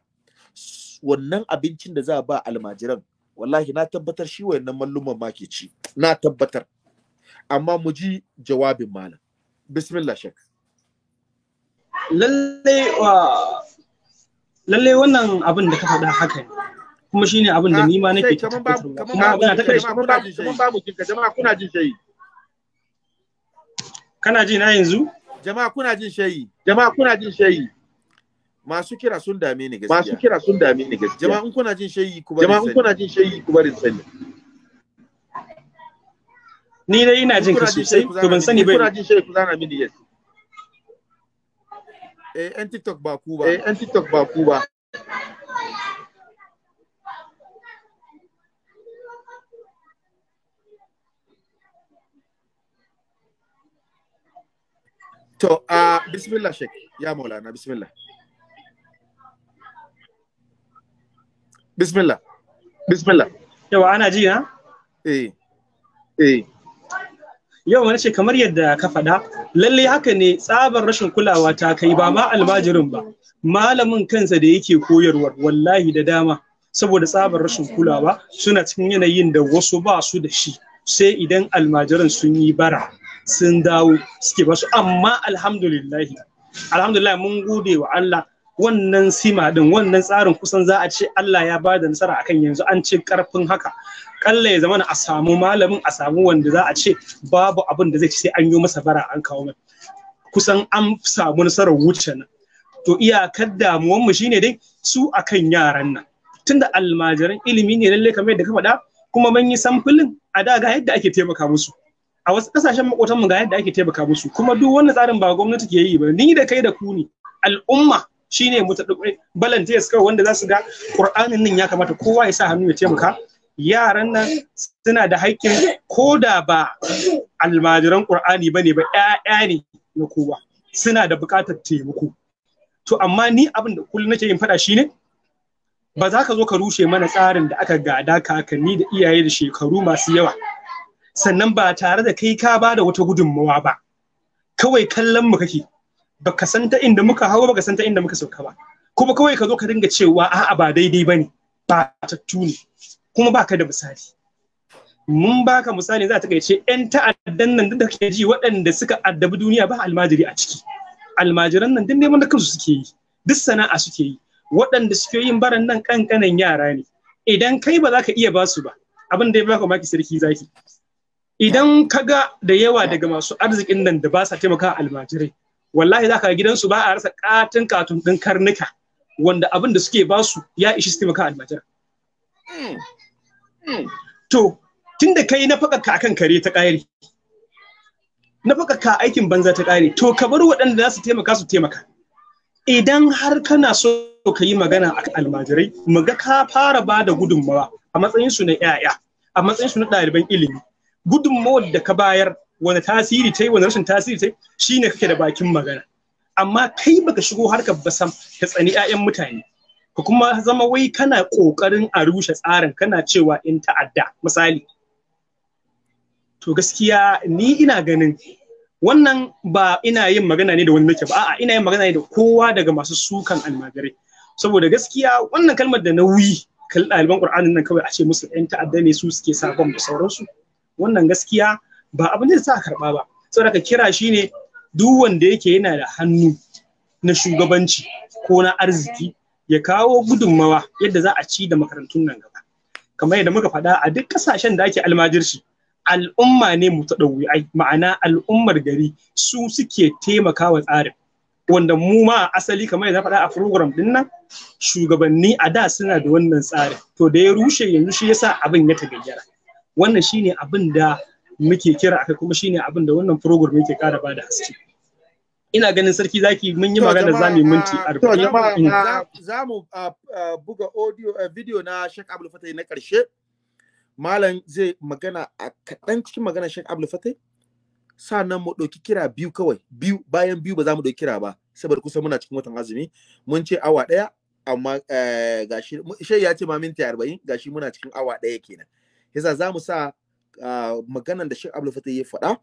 wannan abincin da za ba almajiran wallahi na tabbatar shi wayannan mallumman ma ke ci na tabbatar amma mu ji jawabin malam bismillah shak.
lallai wannan abin da ka faɗa haka ne kuma shine abin da ni ma nake ta kuma abin babu babu jama'a
kuna jin shayi kana ji na yanzu jama'a kuna jin shayi jama'a kuna jin shayi masu kira sun dame ni gaskiya masu kira sun dame ni gaskiya jama'a in kuna jin shayi ku bari jama'a in kuna jin shayi ku bari sani ni dai ina jin ka sosai to ban sani ba kuna jin shayi ku zana mini yes eh yan tiktok ba ku ba eh yan tiktok ba ku ba To, uh, bismillah Sheikh, ya maulana, bismillah. Bismillah.
Bismillah. Yawa ana ji na? Eh. Eh. yau wani ce kamar yadda ka faɗa lallai haka ne tsabar rashin kulawa ta kai ba ma almajirin ba malamin kansa da yake koyarwar wallahi da dama saboda tsabar rashin kulawa suna cikin yanayin da wasu ba su da shi sai idan almajiran sun yi bara sun dawo suke basu amma alhamdulillah alhamdulillah mun gode wa Allah wannan sima din wannan tsarin kusan za a ce Allah ya ba da nasara akan yanzu an ce karfin haka kalla ya zamana a samu malamin a samu wanda za a ce babu abin da zai ci sai an yi masa bara an kawo mai kusan an samu nasarar wuce nan to iyakar damuwan mu shine dai su akan yaran nan tunda almajiran ilimi ne lalle kamar yadda ka faɗa kuma mun yi samfulin a da ga yadda ake taimaka musu a wasu kasashen makotan mu ga yadda ake taimaka musu kuma duk wannan tsarin ba gwamnati ke yi ba ni da kai da ku ne al'umma shine mutadabbai volunteers kawai wanda za su ga Qur'anin nan ya kamata kowa ya sa hannu ya taimaka yaran nan suna da haƙƙin ko da ba almajiran Qur'ani bane ba ƴaƴa ne na kowa suna da buƙatar taimako to amma ni abin da kullum nake yin faɗa shine ba za ka zo ka rushe mana tsarin da aka gada kakanni da iyaye da shekaru masu yawa sannan ba tare da kai ka ba da wata gudunmawa ba kawai kallon mu kake baka san ta inda muka hawo baka san ta inda muka sauka ba kuma kawai ka zo ka dinga cewa a'a ba daidai bane ba tattu ne kuma baka da misali mun baka misali za ta ce yan ta'addan nan da kake ji waɗanda suka addabi duniya ba almajiri a ciki almajiran nan duk neman da kansu suke yi duk sana'a suke yi waɗanda suke yin baran nan kankanan yara ne idan kai ba za ka iya basu ba abin da ya baka maki sarki zaki idan ka ga da yawa daga masu arzikin nan da ba sa taimaka almajirai wallahi za ka gidansu ba a rasa katin katun ɗin karnuka wanda abin da suke ba su ya ishi su taimaka almajira.
Hmm. Hmm.
To, tun da kai na faƙa akan kare ta ƙari, na faƙa aikin banza ta ƙari, to ka bar waɗanda za su taimaka su taimaka. Idan har kana so ka yi magana a almajirai, mu ga ka fara ba da gudunmawa a matsayinsu na 'ya'ya, a matsayinsu na ɗaliban ilimi. Gudunmawar da ka bayar wani tasiri ta yi wani rashin tasiri ta yi shine kake da bakin magana amma kai baka shigo harkar ba sam ka tsani 'ya'yan mutane ka kuma zama wai kana ƙoƙarin a rushe tsarin kana cewa in ta'adda misali to gaskiya ni ina ganin wannan ba ina yin magana ne da wani nake ba a'a ina yin magana ne da kowa daga masu sukan almajirai saboda gaskiya wannan kalmar da nauyi kal ɗaliban qur'anin nan kawai a ce musu yan ta'adda ne su suke sabon da sauransu wannan gaskiya ba abin da sa karba ba saboda ka kira shine duk wanda yake yana da hannu na shugabanci ko na arziki ya kawo gudunmawa yadda za a ci da makarantun nan gaba kamar yadda muka faɗa a duk ƙasashen da ake almajirci al'umma ne mu ta ɗauwi ma'ana al'ummar gari su suke taimakawa tsarin wanda mu ma asali kamar yadda faɗa a program din nan shugabanni a da suna da wannan tsarin to da ya rushe yanzu shi yasa abin ya tagayyara wannan shine abin da muke kira akai kuma shine abin da wannan program yake kara ba da haske ina ganin sarki zaki mun yi magana za mu minti 40
za mu buga audio uh, video na Sheikh Abdul Fatai na karshe malam zai magana a kaɗan cikin magana Sheikh Abdul Fatai sannan mu ɗauki kira biyu kawai biyu bayan biyu ba za mu ɗauki kira ba saboda kusa muna cikin watan azumi mun ce awa ɗaya amma eh, gashi shai ya ce ma minti arba'in gashi muna cikin awa ɗaya kenan yasa za mu sa Ah, maganan da Sheikh Abdul Fatih ya faɗa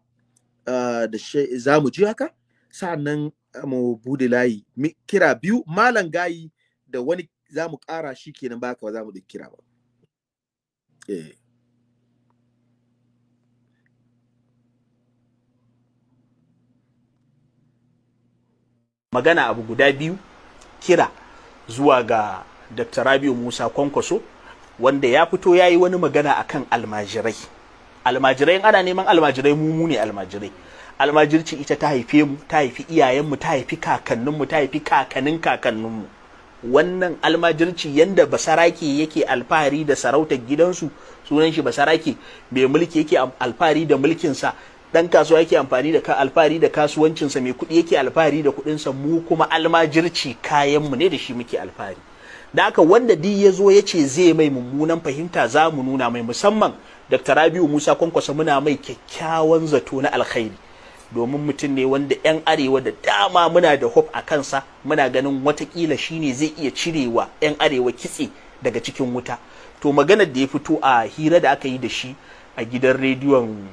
ah, da za mu ji haka sa'annan ah, mu bude layi kira biyu malam gayi da wani za mu ƙara shi kenan baka ba za mu kira ba eh.
magana abu guda biyu kira zuwa ga Dr. Rabiu Musa Kwankwaso wanda ya fito ya yi wani magana akan almajirai almajirai ana neman almajirai mu ne almajirai almajirci ita ta haife mu ta haifi iyayenmu ta haifi kakanninmu ta haifi kakannin kakanninmu wannan almajirci yanda basaraki yake alfahari da sarautar gidansu sunan shi basaraki mai mulki yake alfahari da mulkinsa dan kasuwa yake amfani da alfahari da kasuwancinsa mai kuɗi yake alfahari da kuɗinsa mu kuma almajirci kayanmu ne da shi muke alfahari da haka wanda duk ya zo ya ce zai mai mummunan fahimta za mu nuna mai musamman Dr. Rabiu Musa Kwankwasa muna mai kyakkyawan zato na alkhairi domin mutum ne wanda 'yan arewa da dama muna da hope a kansa muna ganin wata watakila shine zai iya cirewa 'yan arewa kitse daga cikin wuta to maganar da ya fito a hira da aka yi da shi a gidan rediyon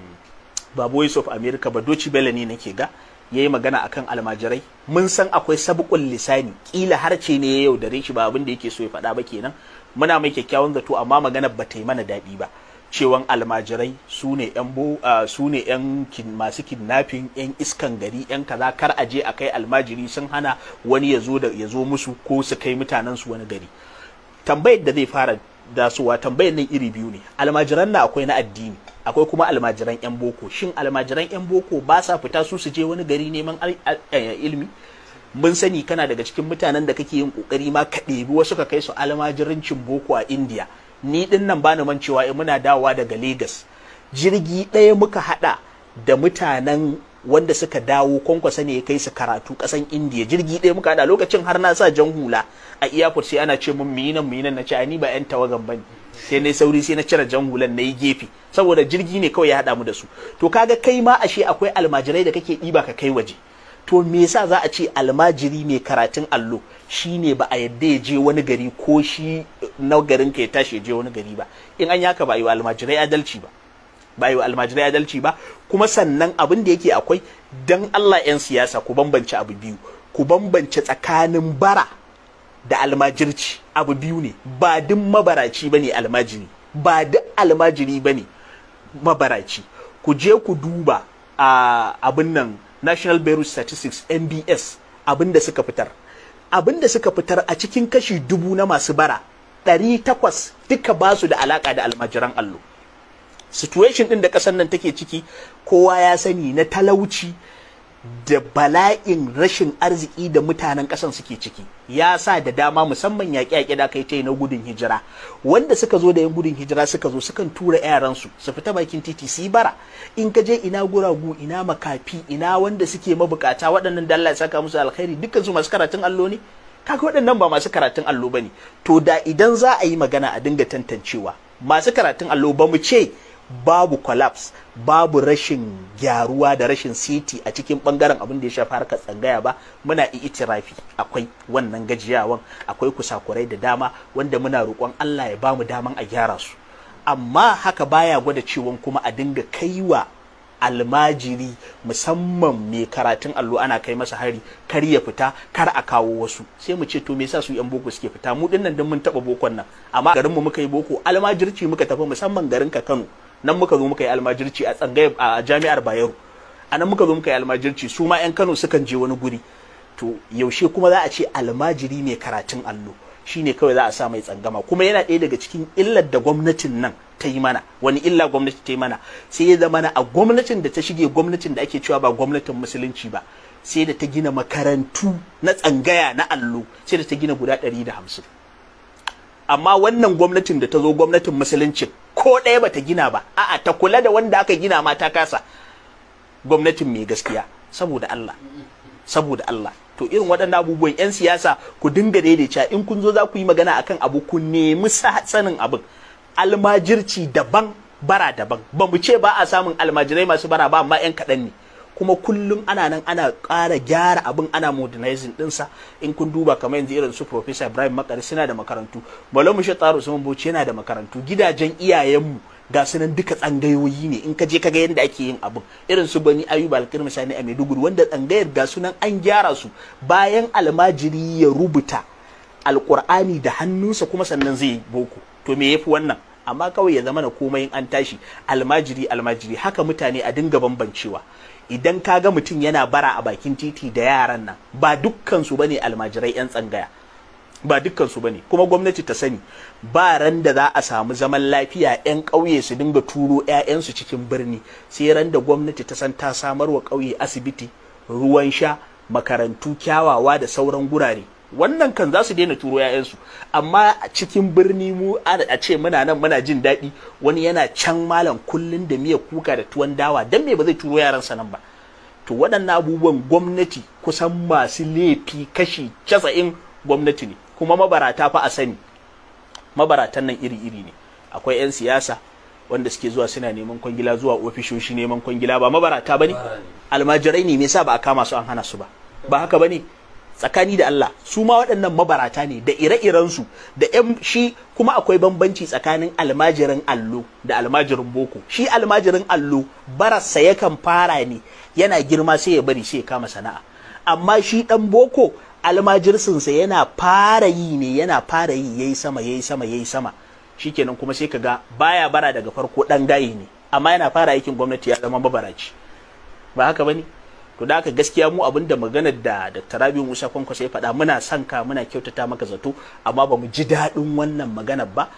ba voice of america ba doci bela ne nake ga ya yi magana akan almajirai mun san akwai sabukun lisani kila harce ne ya yaudare shi ba abin da yake so ya faɗa ba kenan muna mai kyakkyawan zato amma maganar ba ta yi mana daɗi ba cewan almajirai su ne yan masu kinnafin yan iskan gari yan kaza kar a je a kai almajiri sun hana wani ya zo musu ko su kai mutanensu wani gari tambayar da zai fara dasuwa tambayar nan iri biyu ne almajiran na akwai na addini akwai kuma almajiran yan boko shin almajiran yan boko ba sa fita su su je wani gari neman eh, ilmi mun sani kana daga cikin mutanen da kake yin kokari ma ka ɗebi wasu ka kai su almajirancin boko a indiya ni din nan bani man cewa eh, muna dawowa daga Legas jirgi ɗaya muka hada da mutanen wanda suka dawo kwankwasa ne ya kai su karatu kasan India jirgi ɗaya muka hada lokacin har na sa jan hula a iyafur sai ana ce mun miyinan nan na ce ni ba yan tawagan bane sai na sauri sai na cire jan hulan na yi gefe saboda jirgi ne kawai ya hada mu da su to kaga kai ma ashe akwai almajirai da kake ɗiba ka kai waje to me yasa za a ce almajiri mai karatun allo shi ne ba a yadda ya je wani gari ko shi eh, na garin ka ya tashi ya je wani gari ba in an yaka ba yi wa almajirai adalci ba ba yi wa almajirai adalci ba kuma sannan abin da yake akwai dan Allah 'yan siyasa ku bambance abu biyu ku bambance tsakanin bara da almajirci abu biyu ne ba duk mabaraci ba ne almajiri ba duk almajiri ba ne mabaraci ku je ku duba a ah, abin nan National Bureau Statistics NBS abinda suka fitar abinda suka fitar a cikin kashi dubu na masu bara ɗari takwas duka ba su da alaka da almajiran allo situation ɗin da ƙasar nan take ciki kowa ya sani na talauci da bala'in rashin arziki da mutanen ƙasan suke ciki ya sa da dama musamman yaƙi a da kai ta yi na gudun hijira wanda suka zo da yan gudun hijira suka zo sukan tura yaransu su fita bakin titi su yi bara in ka je ina guragu ina makafi ina wanda suke mabukata waɗannan da Allah ya saka musu alkhairi dukkan su masu karatun allo ne kaga waɗannan ba masu karatun allo ba ne. to da idan za a yi magana a dinga tantancewa masu karatun allo ba mu ce babu collapse babu rashin gyaruwa da rashin city a cikin bangaren abin da ya shafi harkar tsangaya ba muna itirafi akwai wannan gajiyawan akwai kusakurai da dama wanda muna roƙon Allah ya bamu daman a gyara su amma haka baya gwada cewa kuma a dinga kaiwa almajiri musamman mai karatun allo ana kai masa hari kar ya fita kar a kawo wasu sai mu ce to me yasa su yan boko suke fita mu dinnan dan mun taba bokon nan amma garin mu muka yi boko almajirci muka tafi musamman garin ka Kano nan muka zo muka yi almajirci a tsangayar a jami'ar bayero a nan muka zo muka yi almajirci su ma 'yan kano sukan je wani guri to yaushe kuma za a ce almajiri mai karatun allo Shi ne kawai za a sa mai tsangama kuma yana ɗaya daga cikin illar da gwamnatin nan ta yi mana wani illa gwamnati ta yi mana sai ya zama a gwamnatin da ta shige gwamnatin da ake cewa ba gwamnatin musulunci ba sai da ta gina makarantu na tsangaya na allo sai da ta gina guda ɗari da hamsin amma wannan gwamnatin da ta zo gwamnatin musuluncin ko ɗaya bata gina ba a'a ta kula da wanda aka gina ma ta kasa gwamnatin mai gaskiya saboda Allah saboda Allah to irin waɗannan abubuwan 'yan siyasa ku dinga daidaita in kun zo za ku yi magana akan abu ku nemi sanin abin almajirci daban bara daban ba mu ce ba a samun almajirai masu bara ba amma 'yan kaɗan ne kuma kullum ana nan ana ƙara gyara abin ana modernizing dinsa in kun duba kamar yanzu irin su Professor Ibrahim Makari suna da makarantu Malam Mushe Taro Usman Bauchi yana da makarantu gidajen iyayenmu ga su duka tsangayoyi ne in ka je ka ga yadda ake yin abin irin su bani ayub alkir sani a maiduguri wanda tsangayar ga su an gyara su bayan almajiri ya rubuta alkur'ani da hannunsa kuma sannan zai yi boko to me yafi wannan amma kawai ya zama na komai an tashi almajiri almajiri haka mutane a dinga bambancewa idan ka ga mutum yana bara a bakin titi da yaran nan ba dukkan su bane almajirai yan tsangaya ba dukkan su bane kuma gwamnati ta sani ba ran da za a samu zaman lafiya yan ƙauye su dinga turo 'ya'yansu cikin birni sai ran da gwamnati ta san ta samar wa ƙauye asibiti ruwan sha makarantu kyawawa da sauran gurare wannan kan za su daina turo 'ya'yansu amma a cikin birni mu a ce muna nan muna jin daɗi wani yana can malam kullun da miyar kuka da tuwon dawa dan me ba zai turo yaransa nan ba to waɗannan abubuwan gwamnati kusan masu laifi kashi casa'in gwamnati ne kuma mabarata fa a sani mabaratan nan iri-iri ne akwai 'yan siyasa wanda suke zuwa suna neman kwangila zuwa ofishoshi neman kwangila ba mabarata ba ne almajirai ne me yasa ba a kama su an hana su ba ba haka ba ne tsakani da Allah su ma waɗannan mabarata ne da ire-irensu da ƴan shi kuma akwai bambanci tsakanin almajirin allo da almajirin boko shi almajirin allo barasa yakan fara ne yana girma sai ya bari sai ya kama sana'a amma shi ɗan boko almajirsinsa yana fara yi ne yana fara yi yayi sama yayi sama yayi sama shikenan kuma sai kaga baya bara daga farko dan gayi ne amma yana fara aikin gwamnati ya zama mabaraci ba haka bane to da aka gaskiya mu abin da magana da Dr. Rabiu Musa kwankwasa ya faɗa muna son ka muna kyautata maka zato amma ba mu ji daɗin wannan maganar ba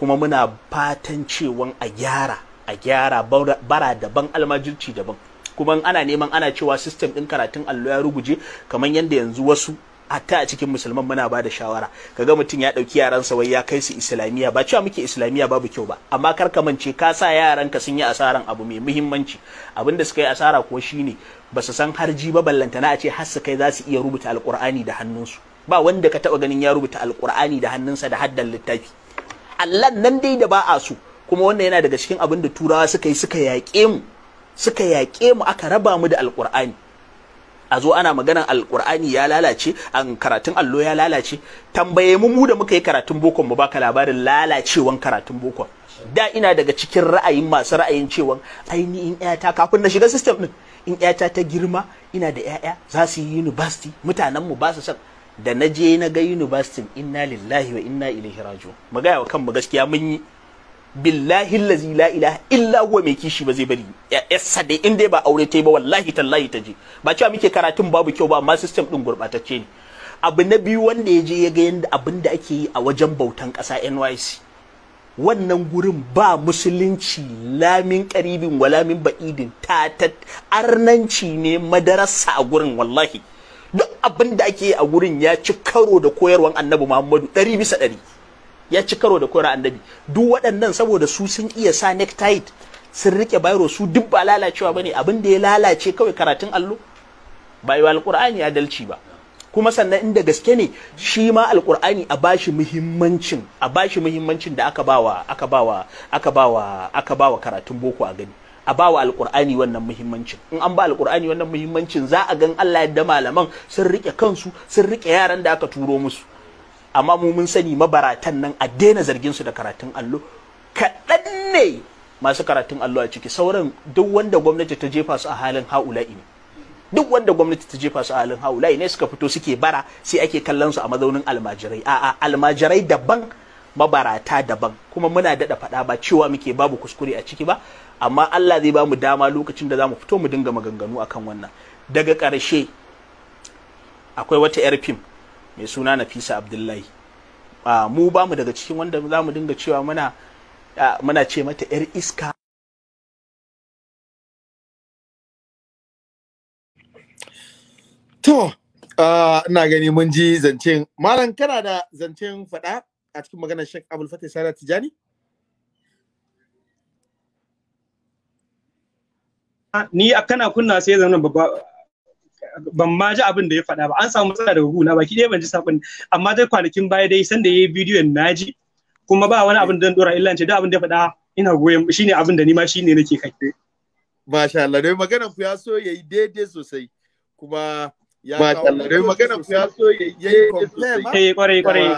kuma muna fatan cewa a gyara a gyara bara daban almajirci daban kuma ana neman ana cewa system ɗin karatun allo ya ruguje kamar yadda yanzu wasu hatta a cikin musulman muna ba da shawara kaga mutum ya ɗauki yaransa wai ya kai su islamiyya ba cewa muke islamiyya babu kyau ba amma kar ka mance ka sa yaranka sun yi asaran abu mai muhimmanci abin da suka yi asara kuwa shine ba su san harji ba ballantana a ce har su kai za su iya rubuta alkur'ani da hannunsu ba wanda ka taba ganin ya rubuta alkur'ani da hannunsa da haddan littafi Allah nan dai da ba a su. kuma wannan yana daga cikin abin da turawa suka yi suka yaƙe mu suka yaƙe mu aka raba mu da alkur'ani a zo ana maganan alkur'ani ya lalace an karatun allo ya lalace tambaye mu mu da muka yi karatun bokon mu baka labarin lalacewan karatun bokon da ina daga cikin ra'ayin masu ra'ayin cewa ainihin ƴata kafin na shiga system din in yata ta girma ina da ƴaƴa za su yi university mutanenmu mu ba su san da na je na ga university inna lillahi wa inna ilaihi raji'un mu ga wa kanmu gaskiya mun yi billahi allazi la ilaha illa huwa mai kishi ba zai bari yassa dai in dai ba aure ta ba wallahi tallahi ta je ba cewa muke karatun babu kyau ba amma system din gurbatacce ne abu na biyu wanda ya je ya ga yanda abin da ake yi a wajen bautan ƙasa NYC wannan gurin ba musulunci lamin karibin walamin lamin ba'idin ta arnanci ne madarasa a gurin wallahi duk abin da ake a gurin ya ci karo da koyarwan annabi muhammadu ɗari bisa ɗari ya ci karo da koyarwan annabi duk waɗannan saboda su sun iya sa necktie sun rike bayro su duk ba lalacewa bane abin da ya lalace kawai karatun allo ba yi wa alƙur'ani adalci ba kuma sannan inda gaske ne shi ma alkur'ani a bashi muhimmancin a bashi muhimmancin da aka bawa aka bawa aka bawa aka bawa karatun boko a gani a bawa alkur'ani wannan muhimmancin in an ba alkur'ani wannan muhimmancin za a gan Allah yadda malaman sun rike kansu sun rike yaran da aka turo musu amma mu mun sani mabaratan nan a daina zargin su da karatun allo kaɗan ne masu karatun allo a ciki sauran duk wanda gwamnati ta jefa su a halin ha'ula'i ne duk wanda gwamnati ta jefa su a halin haulayi ne suka fito suke bara sai ake kallon su a mazaunin almajirai a'a almajirai daban mabarata daban kuma muna daɗa faɗa ba cewa muke babu kuskure a ciki ba amma Allah zai ba mu dama lokacin da za mu fito mu dinga maganganu akan wannan daga ƙarshe akwai wata yar fim mai suna Nafisa Abdullahi ah, mu ba mu daga cikin wanda za mu dinga cewa muna
ah, muna ce mata yar iska To, ina gani mun ji zancen. Malam kana da zancen faɗa a cikin maganar Sheikh Abul Fatih Sada Tijani?
Ni a kana kunna sai zama babba ban ma ji abin da ya faɗa ba an samu matsala daga guna baki ɗaya ban ji sakon amma dai kwanakin baya dai sanda yayi na ji. kuma ba wani abin da zan dora illa ce da abin da ya faɗa ina goyon shine abin da ni ma shine nake kai masha Allah dai maganar ku ya so yayi daidai sosai kuma ya kawo magana ya so ya
yi eh, kwarai kwarai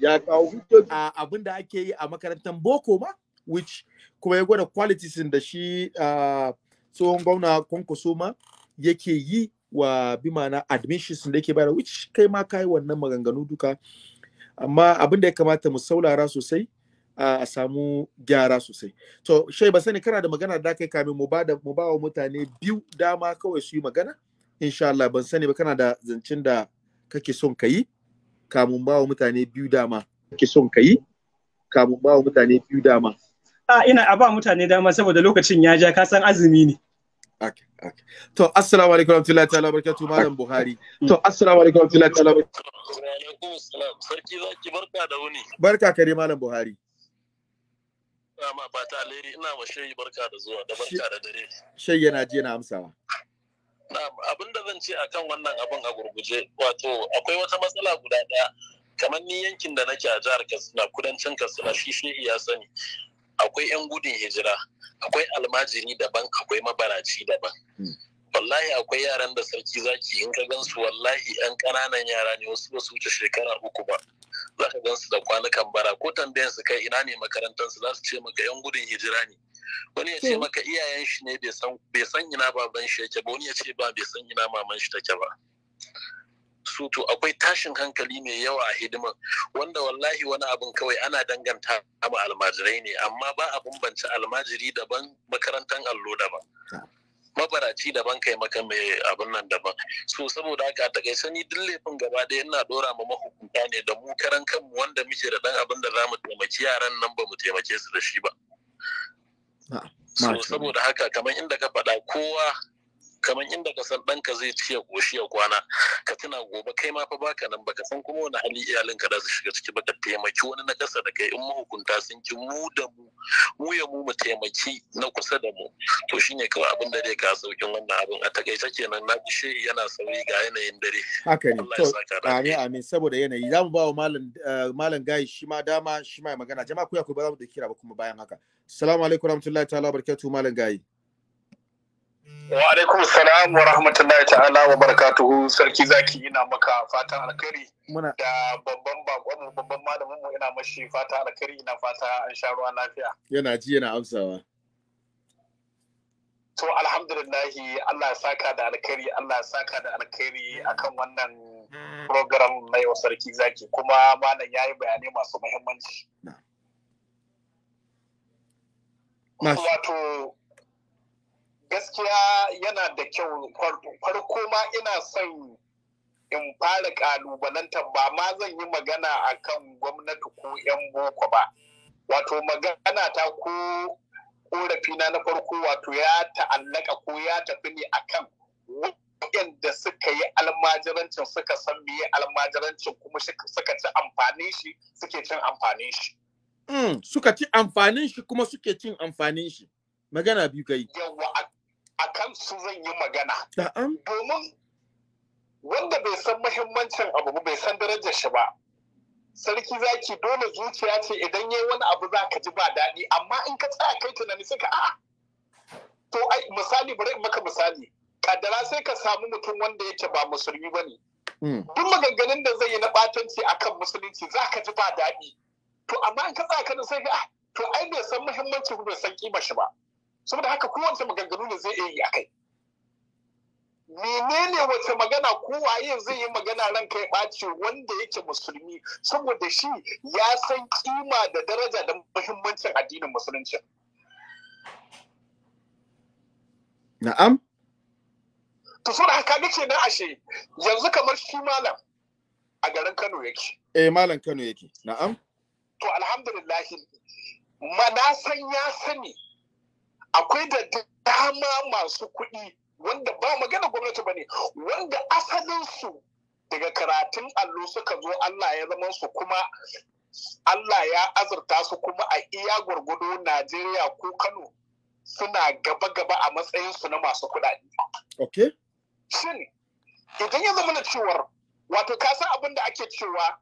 ya kawo hujjoji abin da ake yi a makarantar boko ma which kuma ya gwada qualities da shi tsohon gwamna kwankwaso ma yake yi wa bi ma'ana admissions da yake bayar which kai ma kai wannan maganganu duka amma abin da ya kamata mu saulara sosai a samu gyara sosai to shai ba sani kana da magana da kai kamin mu ba mu ba wa mutane biyu dama kawai su yi magana insha Allah ban sani ba kana da zancen da kake son ka yi kamun bawa mutane biyu dama kake son ka yi kamun bawa mutane biyu dama
a ina a ba mutane dama saboda lokacin ya ja ka san azumi ne okay okay to assalamu alaikum warahmatullahi ta'ala barakatuh malam buhari to assalamu alaikum warahmatullahi ta'ala
barakatuh sarki zaki barka da wuni
barka kare malam buhari
Dama ba ta ina wa shayi barka da zuwa da barka da dare.
Shayi yana je na amsawa.
abin da zan ce a kan wannan abin a gurguje wato akwai wata matsala guda ɗaya kamar ni yankin da nake a jihar katsina kudancin katsina shi iya sani akwai 'yan gudun hijira akwai almajiri daban akwai mabaraci daban hmm. wallahi akwai yaran da sarki zaki in ka gansu wallahi yan ƙananan yara ne wasu ba su wuce shekara uku ba za ka gansu da kwanukan bara ko tambayan su kai ina ne makarantar su za su ce maka yan gudun hijira ne wani ya ce maka iyayen shi ne bai san ina baban shi yake ba wani ya ce ba bai san ina maman shi take ba su to akwai tashin hankali mai yawa a hidimar wanda wallahi wani abin kawai ana danganta ma almajirai ne amma ba a bambance almajiri daban makarantar allo daban mabaraci daban kai maka mai abin nan daban so saboda haka a takaice ni duk laifin gaba ɗaya ina ɗora ma mahukunta ne da mu karan kanmu wanda muke da ɗan abin da za mu taimaki yaran nan ba mu taimake su da shi ba saboda haka kamar inda ka faɗa kowa kamar inda ka san ɗanka zai ci ya ƙoshi ya kwana ka tuna gobe kai ma fa baka nan baka san kuma wani hali iyalinka da su shiga ciki baka taimaki wani na ƙasa da kai in mahukunta sun ki mu da mu mu ya mu mu taimaki na kusa da mu to shine kawai abin da
zai ka saukin wannan abin a takaice kenan na bishe yana sauri ga yanayin dare haka ne to amin amin saboda yanayi za mu ba wa malam eh, malam gayi shi ma dama shi ma ya magana jama'a kuya ku ba za mu da kira ba kuma bayan haka salamu alaikum warahmatullahi ta'ala barkatu malam gayi Wa
alaikum salam wa rahmatullahi ta'ala wa barakatuhu sarki zaki ina maka fatan alkhairi
da babban
bakon babban malamin mu ina mashi fatan alkhairi ina fata an sha ruwa lafiya.
Yana ji yana amsawa.
To alhamdulillahi Allah ya saka da alkhairi Allah ya saka da alkhairi akan wannan program na yau sarki zaki kuma malam yayi bayanai masu muhimmanci. Wato gaskiya yana da kyau farko ma ina son in fara kalubalantar ba ma zan yi magana a kan gwamnati ko 'yan boko ba wato magana ta ko korafina na farko wato ya ta'allaka ko ya tafi ne akan waɗanda suka yi almajirancin suka san meye
almajirancin kuma suka ci amfanin shi suke cin amfanin shi. Hmm, suka ci
amfanin shi kuma suke cin amfanin shi magana biyu kai.
Yawwa a su zan yi magana domin wanda bai san mahimmancin abu bai san darajar shi ba sarki zaki dole zuciya ce idan yi wani abu za ka ji ba daɗi amma in ka tsaya kai tunani sai ka a'a to ai misali bari in maka misali kaddara sai ka samu mutum wanda yake ba musulmi bane hmm. duk maganganun da zai yi na batanci kan musulunci za ka ji ba daɗi to amma in ka tsaya kai sai ka ah, to ai bai san muhimmancin bai san kima shi ba saboda haka kowace maganganu da zai iya yi akai menene wace magana ko waye zai yi magana ran kai ɓaci wanda yake musulmi saboda shi ya san kima da daraja da muhimmancin addinin musulunci na'am to saboda haka ga ce na ashe yanzu kamar shi malam a garin Kano yake
eh malam Kano yake na'am
to alhamdulillah ma na san ya sani akwai da dama masu kuɗi wanda ba magana gwamnati ba ne wanda asalinsu daga karatun allo suka zo Allah ya zama su kuma Allah ya azurta su kuma a iya gwargwado Najeriya ko Kano suna gaba-gaba a matsayinsu na masu kuɗaɗe. Okay. Shin, idan ya zama na cewar, wato ka san abin da ake cewa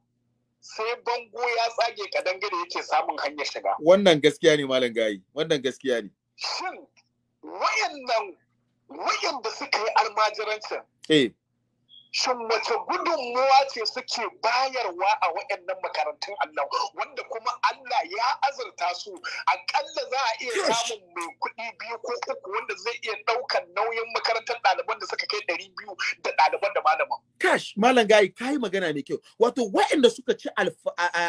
sai bango ya tsage dangane yake samun hanyar shiga.
Wannan gaskiya ne Malam Gayi, wannan gaskiya ne.
shin wayannan wayanda suka yi almajirancin eh. shin wace gudunmuwa ce suke bayarwa a waɗannan makarantun Allah wanda kuma Allah ya azurta su akalla za a iya samun mai kuɗi biyu ko uku wanda zai iya ɗaukar nauyin
makarantar ɗaliban da suka kai ɗari biyu da ɗaliban da malaman. Kash, Malam Gayi, ka yi magana mai kyau. Wato waɗanda suka ci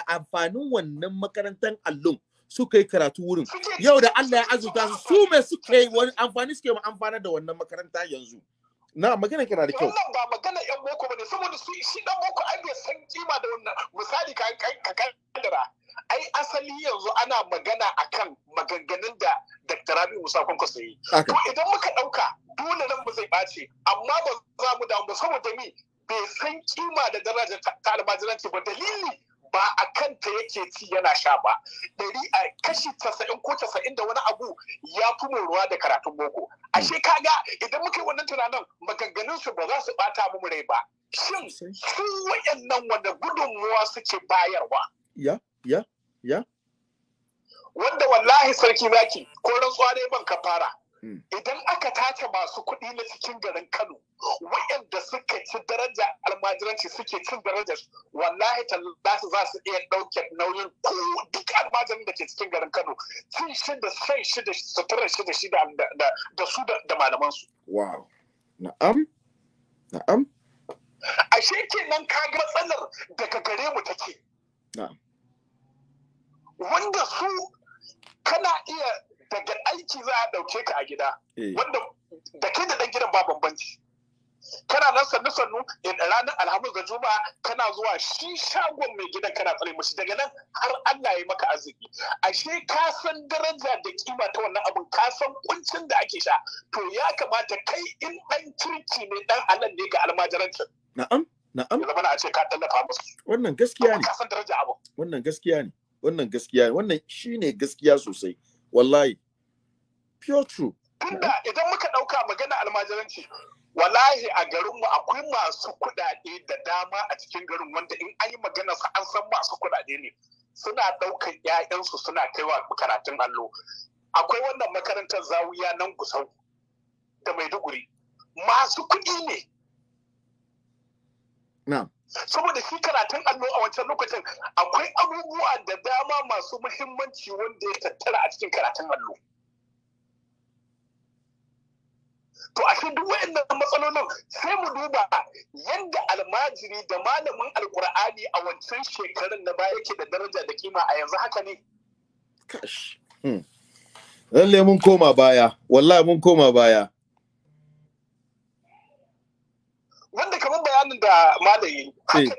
amfanin wannan makarantar allon suka yi karatu wurin yau da Allah ya azurta su su mai suka yi wani amfani suke ma amfana da wannan makaranta yanzu na magana kana da kyau wannan ba magana yan
boko bane saboda su shi dan boko ai bai san kima da wannan misali ka ka kaddara ai asali yanzu ana magana akan maganganun da Dr. Rabi Musa sai yi to idan muka dauka dole nan mu zai bace amma ba za mu damu saboda mi bai san kima da daraja ta almajiranci ba dalili ba a kanta yake ci yana sha ba ɗari a kashi casa'in ko casa'in da wani abu ya fi moruwa da karatun boko ashe kaga idan muka yi wannan tunanin maganganun su ba za su bata mu rai ba shin su wayannan wanda gudunmuwa suke bayarwa
ya ya ya
wanda wallahi sarki zaki ko rantsuwa dai ban ka fara Hmm. Idan aka tace masu kuɗi na cikin garin Kano, waɗanda suka ci daraja almajiranci suke cin darajar wallahi tallahi za su iya ɗauke nauyin duk almajirin da ke cikin garin Kano, cin shi da sai shi da suturar shi da
shi da su da malamansu. Wow. Na'am? Na'am?
Ashe nan ka ga matsalar daga gare mu take. Na'am. Wanda su kana iya daga aiki za a ɗauke ka a gida eh. wanda da kai da ɗan gidan ba bambanci kana nan sannu sannu eh, ranar alhamis da juma'a kana zuwa shi shagon mai gidan kana tsare mashi daga nan har Allah ya maka arziki ashe ka san daraja da kima ta wannan abin ka san kuncin da ake sha to ya kamata kai in ɗan kirki ne ɗan allah ne ga almajirancin
na'am na'am ya zama a ce ka tallafa musu wannan gaskiya ne ka san daraja wannan gaskiya ne wannan gaskiya ne wannan shine gaskiya sosai wallahi pure true
idan muka dauka magana almajiranci wallahi a garinmu akwai masu kudade da dama a cikin garin wanda in an yi magana sa an san masu kudade ne suna daukan 'ya'yansu suna kaiwa karatun allo akwai wannan makarantar zawiya nan gusau da maiduguri masu kuɗi ne saboda shi karatun allo a wancan lokacin akwai abubuwa da dama masu muhimmanci wanda ya tattara a cikin karatun allo to ashe duk waɗannan matsalolin sai mu duba yadda almajiri da malamin alkur'ani a wancan shekarun na baya yake da daraja da kima a yanzu haka ne
hmm. lalle mun koma baya wallahi mun koma baya
wani da malam yi eh.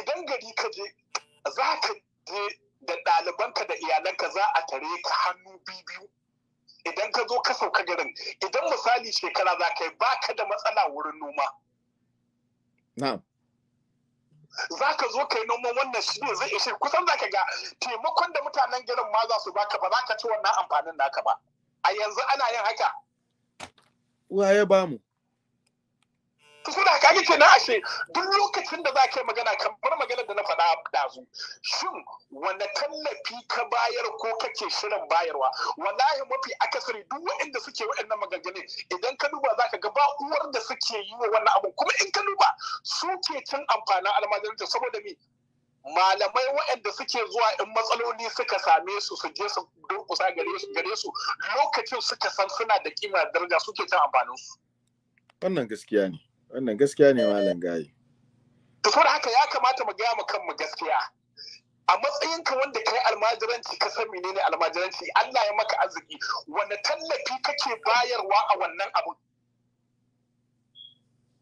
idan gari ka je za ka je da ɗalibanka da iyalanka za a tare ka hannu biyu idan ka zo ka sauka garin idan misali shekara za ka yi baka da matsala wurin noma za ka zo ka yi noman wannan shi ne zai ishe kusan za ka ga taimakon da mutanen garin ma za su baka ba za ka ci wannan amfanin naka ba a yanzu ana yin haka
waye ba mu
saboda haka ake na ashe duk lokacin da za ka yi magana kamar maganar da na faɗa ɗazu shin wanda tallafi ka bayar ko kake shirin bayarwa wallahi mafi akasari duk waɗanda suke waɗannan maganganu, idan ka duba za ka ga ba uwar da suke yi wa wannan abu kuma in ka duba suke cin amfanin almajiranci saboda me malamai waɗanda suke zuwa in matsaloli suka same su su je su durkusa gare su lokacin suka san suna da kima daraja suke cin amfanin su
wannan gaskiya ne wannan gaskiya ne eh. malam gayi
to saboda haka ya kamata mu gaya mu kanmu gaskiya a matsayinka wanda kai almajiranci ka san menene almajiranci Allah ya maka arziki wanda tallafi kake bayarwa a wannan abu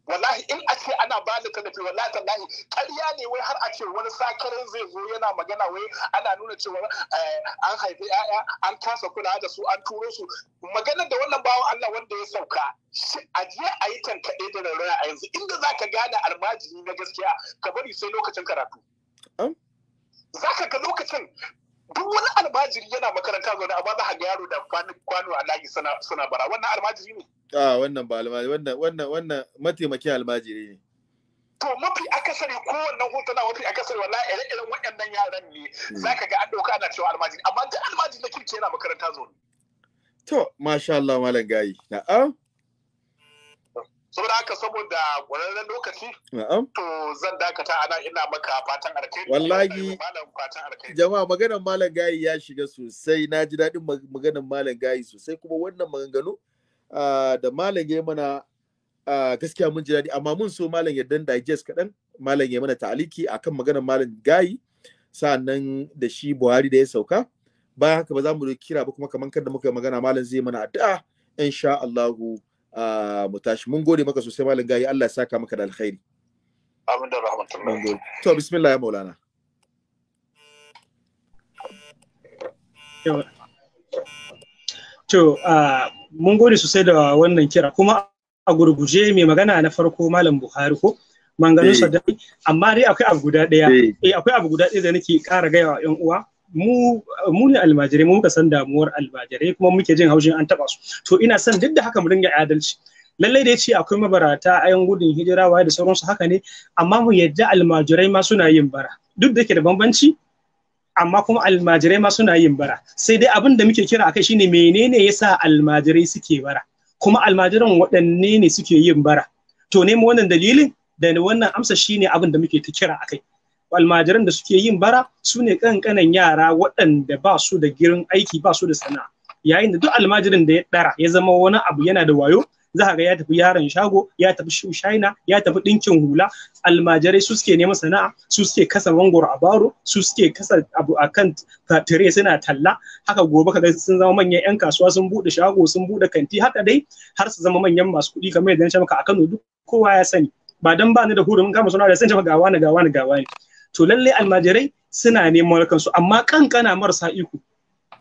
wallahi in a ce ana ba da tallafi wallahi tallahi ƙarya ne wai har a ce wani sakarin zai zo yana magana wai ana nuna cewa eh, an haifi 'ya'ya an kasa kula da su an turo su maganar da wannan bawan Allah wanda ya sauka a je a yi tankaɗe da rarraya a yanzu inda za ka gane almajiri na gaskiya ka bari sai lokacin karatu. Za ka ga lokacin duk wani almajiri yana makaranta zaune amma za a ga yaro da kwano a layi suna bara wannan almajiri ne
a wannan ba almajiri wannan wannan wannan mataimakin almajiri ne
to mafi akasari ko wannan hotuna mafi akasari wallahi ire-iren waɗannan yaran ne hmm. zaka ga an ɗauka ana cewa almajiri amma duk almajiri na kirki yana makaranta zaune
to masha Allah malam gayi na'am
saboda haka saboda ƙwararren lokaci to zan dakata ana ina maka fatan
alkhairi wallahi jama'a maganar malam gayi ya shiga sosai na ji daɗin maganar malam gayi sosai kuma wannan maganganu ah, da malam ya mana ah, gaskiya mun ji daɗi amma mun so malam ya dan digest kaɗan malam ya mana ta'aliki akan maganar malam gayi sa'annan da shi buhari da ya sauka bayan haka ba za mu kira ba kuma kamar kada muka magana malam zai mana addu'a insha Allahu Ah, mu tashi mun gode maka sosai malam gayi Allah ya saka maka da alkhairi amin da rahmatullahi to bismillah
ya maulana to ah, mun gode sosai da wannan kira kuma a gurguje mai magana na farko malam Buhari ko manganun sa eh. amma dai akwai abu guda daya eh. eh akwai abu guda daya da nake ƙara gaya wa 'yan uwa mu ne almajirai mu muka san damuwar almajirai kuma muke jin haushin an taba su to ina son duk da haka mu dinga adalci lallai da ce akwai mabarata ayan gudun hijira waye da sauransu haka ne amma mu yadda almajirai ma suna yin bara duk da ke da bambanci amma kuma almajirai ma suna yin bara sai dai abin da muke kira akai shine menene yasa almajirai suke bara kuma almajiran waɗanne ne suke yin bara to nemo wannan dalilin da wannan amsa shine abin da muke ta kira akai almajiran da suke yin bara su ne kankanan yara waɗanda ba su da girin aiki ba su da sana'a yayin da duk almajirin da ya ɗara ya zama wani abu yana da wayo za ga ya tafi yaron shago ya tafi shaina ya tafi ɗinkin hula almajirai su suke neman sana'a su suke kasa mangoro a baro su suke kasa abu a kan tire suna talla haka gobe kaga sun zama manyan yan kasuwa sun buɗe shago sun buɗe kanti haka dai har su zama manyan masu kuɗi kamar yadda na maka a Kano duk kowa ya sani ba dan ba ni da hurumin kama suna da san ga wani ga wani ga wani to lallai almajirai suna neman kansu amma kankana marasa iko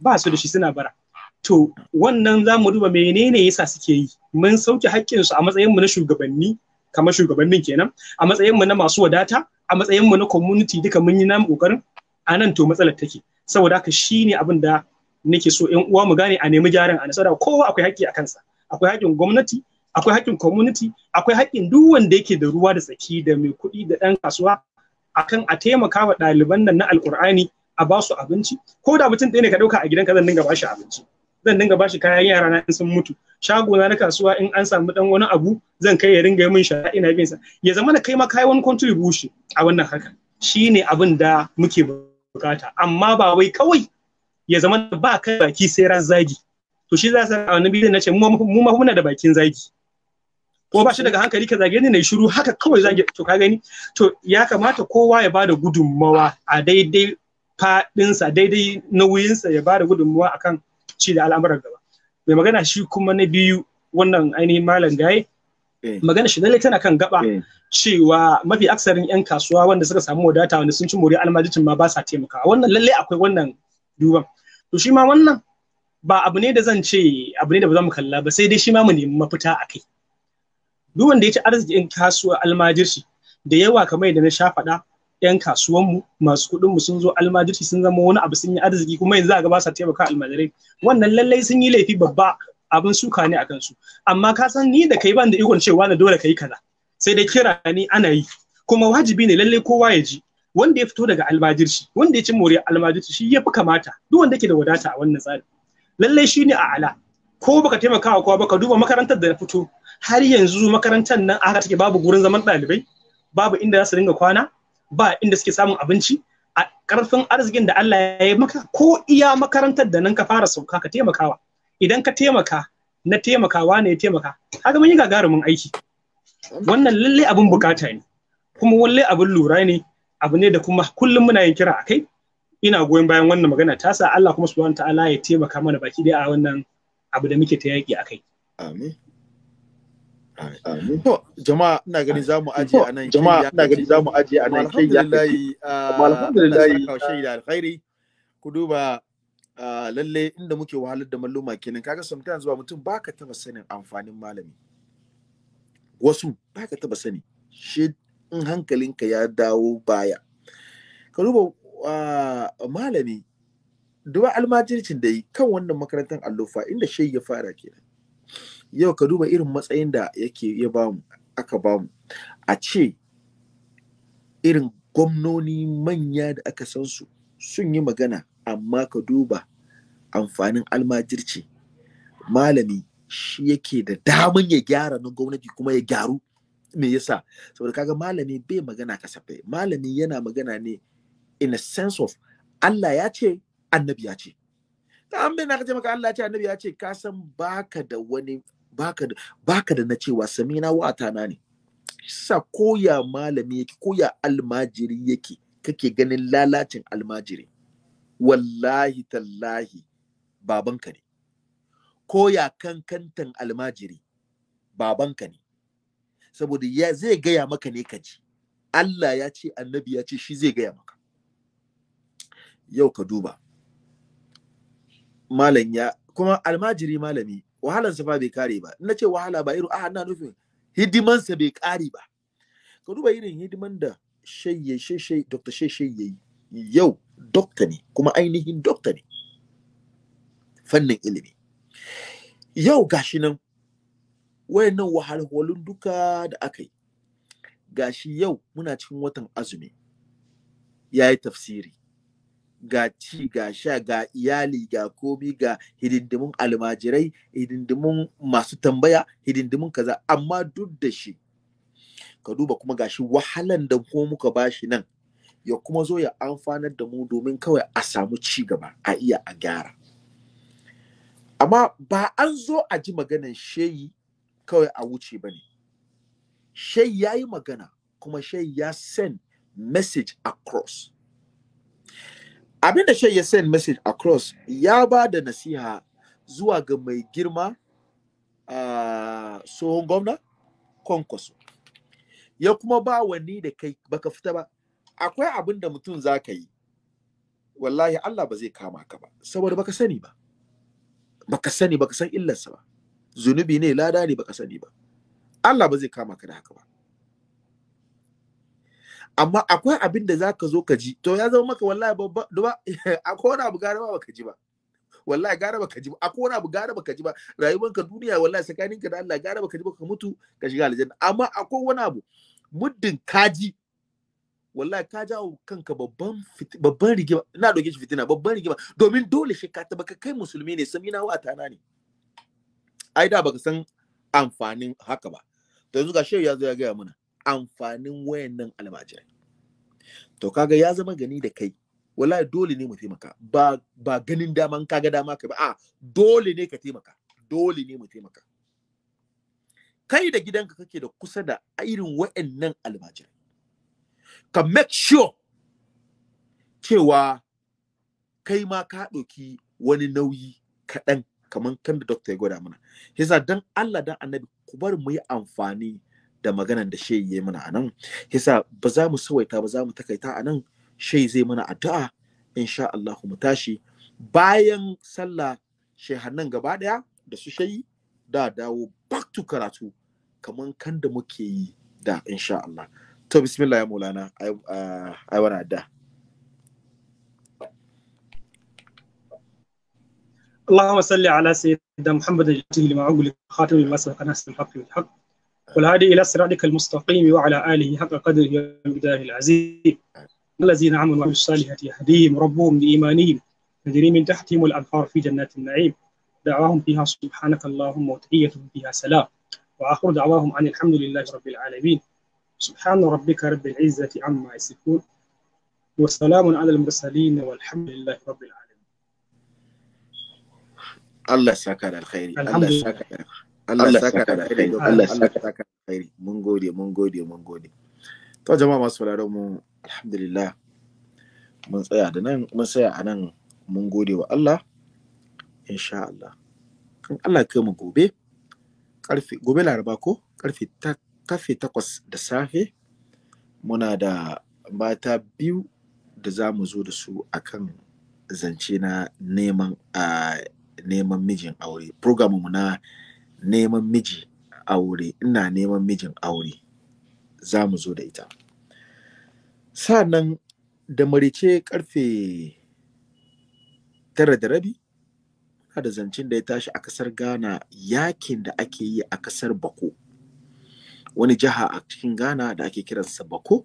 ba su da shi suna bara to wannan za mu duba menene yasa suke yi mun sauke su a matsayinmu na shugabanni kamar shugabannin kenan a matsayinmu na masu wadata a matsayinmu na community duka mun yi namu ƙoƙarin a nan to matsalar take saboda haka shine abin da nake so ƴan uwa mu gane a nemi gyaran a nasara kowa akwai haƙƙi a kansa akwai haƙƙin gwamnati akwai haƙƙin community akwai haƙƙin duk wanda yake da ruwa da tsaki da mai kuɗi da ɗan kasuwa akan a taimaka wa ɗaliban nan na Alƙur'ani a ba su abinci ko da mutum ɗaya ne ka ɗauka a gidanka zan dinga bashi abinci zan dinga bashi kayan yara na in sun mutu shago na na kasuwa in an samu dan wani abu zan kai ya ringa min shara ina bin sa ya zama na kai ma kai wani contribution a wannan haka shine abin da muke bukata amma ba wai kawai ya zama ba kai baki sai ran zagi to shi za su annabi zai nace mu ma muna da bakin zagi ko ba shi daga hankali ka zage ni na shiru haka kawai zage to ka gani to ya kamata kowa ya bada gudunmawa a daidai fadinsa daidai nauyinsa ya bada gudunmawa akan ci da al'amuran gaba mai magana shi kuma na biyu wannan ainihin malam gaye eh. magana shi lallai tana kan gaba eh. cewa mafi aksarin yan kasuwa wanda suka samu wadata wanda sun ci mori almajicin ma ba sa taimakawa wannan lallai akwai wannan duban to shi ma wannan ba abu ne da zan ce abu ne da ba za mu kalla ba sai dai shi ma mu nemi mafita a kai duk wanda ya ci arzikin kasuwa almajirci da yawa kamar da na sha faɗa yan kasuwanmu masu kuɗin mu sun zo almajirci sun zama wani abu sun yi arziki kuma yanzu a ba sa taimaka almajirai wannan lallai sun yi laifi babba abin suka ne a kansu amma ka san ni da kai ban da ikon cewa na dole kai kaza sai dai kira ni ana yi kuma wajibi ne lallai kowa ya ji wanda ya fito daga almajirci wanda ya ci moriyar almajirci shi ya fi kamata duk wanda ke da wadata a wannan tsari lallai shi ne a ala ko baka taimaka wa kowa baka duba makarantar da na fito har yanzu makarantar nan aka take babu gurin zaman ɗalibai babu inda za su dinga kwana ba inda suke samun abinci a karfin arzikin da Allah ya yi maka ko iya makarantar da nan ka fara sauka ka taimakawa idan ka taimaka na taimakawa ne ya taimaka haka mun yi gagarumin aiki wannan lalle abin bukata ne kuma walle abin lura ne abu ne da kuma kullum muna yin kira akai ina goyon bayan wannan magana ta sa Allah kuma subhanahu ta'ala ya taimaka mana baki dai a wannan abu da muke ta yaki akai amin
Ah, to jama'a ina ganin za mu aje a nan. Jama'a ina ganin za mu aje a nan. Alhamdulillahi. Alhamdulillahi. Kaushe da alkhairi. Ku duba ah, lalle inda muke wahalar da malluma kenan kaga sometimes ba mutum baka taba sanin amfanin malami. Wasu baka taba sani. Shi in hankalinka ya dawo baya. Ka duba ah, malami duba almajiricin da yi kan wannan makarantar allofa inda shi ya fara kenan. yau ka duba irin matsayin da yake ya bamu aka bamu a ce irin gwamnoni manya da aka san su sun yi magana amma ka duba amfanin almajirci malami shi yake da daman ya gyara na gwamnati kuma ya gyaru me yasa saboda kaga malami bai magana kasafai malami yana magana ne in a sense of Allah ya ce annabi ya ce an bai na ka maka Allah ya ce annabi ya ce ka san baka da wani baka da baka da na cewa samina wa na ne sa koya malami yake koya almajiri yake kake ganin lalacin almajiri wallahi tallahi babanka ne koya kankantan almajiri babanka ne saboda ya zai gaya maka ne ka ji Allah ya ce annabi ya ce shi zai gaya maka yau ka duba malam ya kuma almajiri malami wahalan sa fa bai kare ba in ce wahala ba irin a nufin hidiman sa bai kare ba ka duba irin hidiman da sheye dr shayye yayi yau dokta ne kuma ainihin dokta ne fannin ilimi yau gashi nan wayannan holun duka da aka yi gashi yau muna cikin watan azumi ya yi tafsiri ga ci ga sha ga iyali ga komi ga hidindimun almajirai hidindimun masu tambaya hidindimun kaza amma duk da shi ka duba kuma ga shi wahalan da ko muka ba shi nan ya kuma zo ya amfanar da mu domin kawai a samu ci gaba a iya a gyara amma ba an zo a ji maganan shayi kawai a wuce ba ne shayi ya yi magana kuma shayi ya send message across abin da shai ya send message across ya ba da nasiha zuwa ga mai girma a tsohon gwamna kwankwaso ya kuma ba wani da kai baka fita ba akwai abin da mutum za ka yi wallahi Allah ba zai kama ka ba saboda baka sani ba baka sani baka san illarsa ba zunubi ne lada ne baka sani ba Allah ba zai kama ka da haka ba amma akwai abin da zaka zo ka ji to ya zama maka wallahi babba duba akwai wani abu gara ba ka ji ba wallahi gara ba ka ji ba akwai wani abu gara ba ka ji ba rayuwanka duniya wallahi tsakaninka da Allah gara ba ka ji ba ka mutu ka shiga aljanna amma akwai wani abu muddin kaji wallahi ka ja kanka babban babban rigima ina doke shi fitina babban rigima domin dole shi ka baka kai musulmi ne samina wa tana ne ai da baka san amfanin haka ba to yanzu ga shehu ya zo ya gaya mana amfanin wayannan almajirai to kaga ya zama gani da kai wallahi dole ne mu taimaka ba ba ganin dama ka ga dama ka ba a dole ne ka taimaka dole ne mu taimaka kai da gidanka kake da kusa da irin wa'annan almajirai ka make sure cewa kai ma ka ɗauki wani nauyi kaɗan kamar kan da dokta ya gwada mana yasa dan Allah dan annabi ku bar mu yi amfani da maganan da shai ya mana anan yasa ba za mu sawaita ba za mu takaita anan shai zai mana addu'a insha Allah mu tashi bayan sallah shehannan gaba daya da su shayi da dawo back to karatu kaman kan da muke yi da insha Allah to bismillah ya mulana ai wani da
اللهم صل على سيدنا محمد الجليل المعقول خاتم لما سبق الحق والحق والهادي إلى صراطك المستقيم وعلى آله حق قدره ومقداره العزيز الذين عملوا وعملوا الصالحات يهديهم ربهم بإيمانهم تجري من تحتهم الأنهار في جنات النعيم دعواهم فيها سبحانك اللهم وتحيتهم فيها سلام وآخر دعواهم أن الحمد لله رب العالمين سبحان ربك رب العزة عما يصفون وسلام على المرسلين والحمد لله رب العالمين
الله يسعدك على الخير الله لله Allah saka da alheri Allah saka da alheri mun gode mun gode mun gode to jama'a masu sauraron mu alhamdulillah mun tsaya da nan mun tsaya a nan mun gode wa Allah insha Allah in Allah kai mu gobe karfe gobe laraba ko karfe ta karfe takwas da safe muna da mata biyu da za mu zo da su akan zance na neman neman mijin aure mu na neman miji aure ina neman mijin aure za mu zo da ita sa'annan da marice karfe tara da rabi da zancen da ya tashi a kasar ghana yakin da ake yi a kasar bako wani jiha a cikin ghana da ake kiransa bako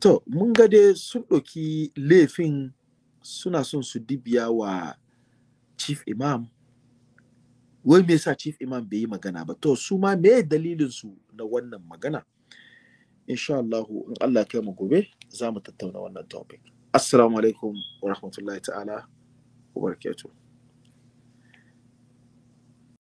to mun ga dai sun ɗauki laifin suna son su dibiya wa chief imam wai me yasa chief imam bai yi magana ba to su ma me dalilin su na wannan magana insha Allah in Allah kai mu gobe za mu tattauna wannan topic assalamu alaikum wa rahmatullahi ta'ala wa barakatuh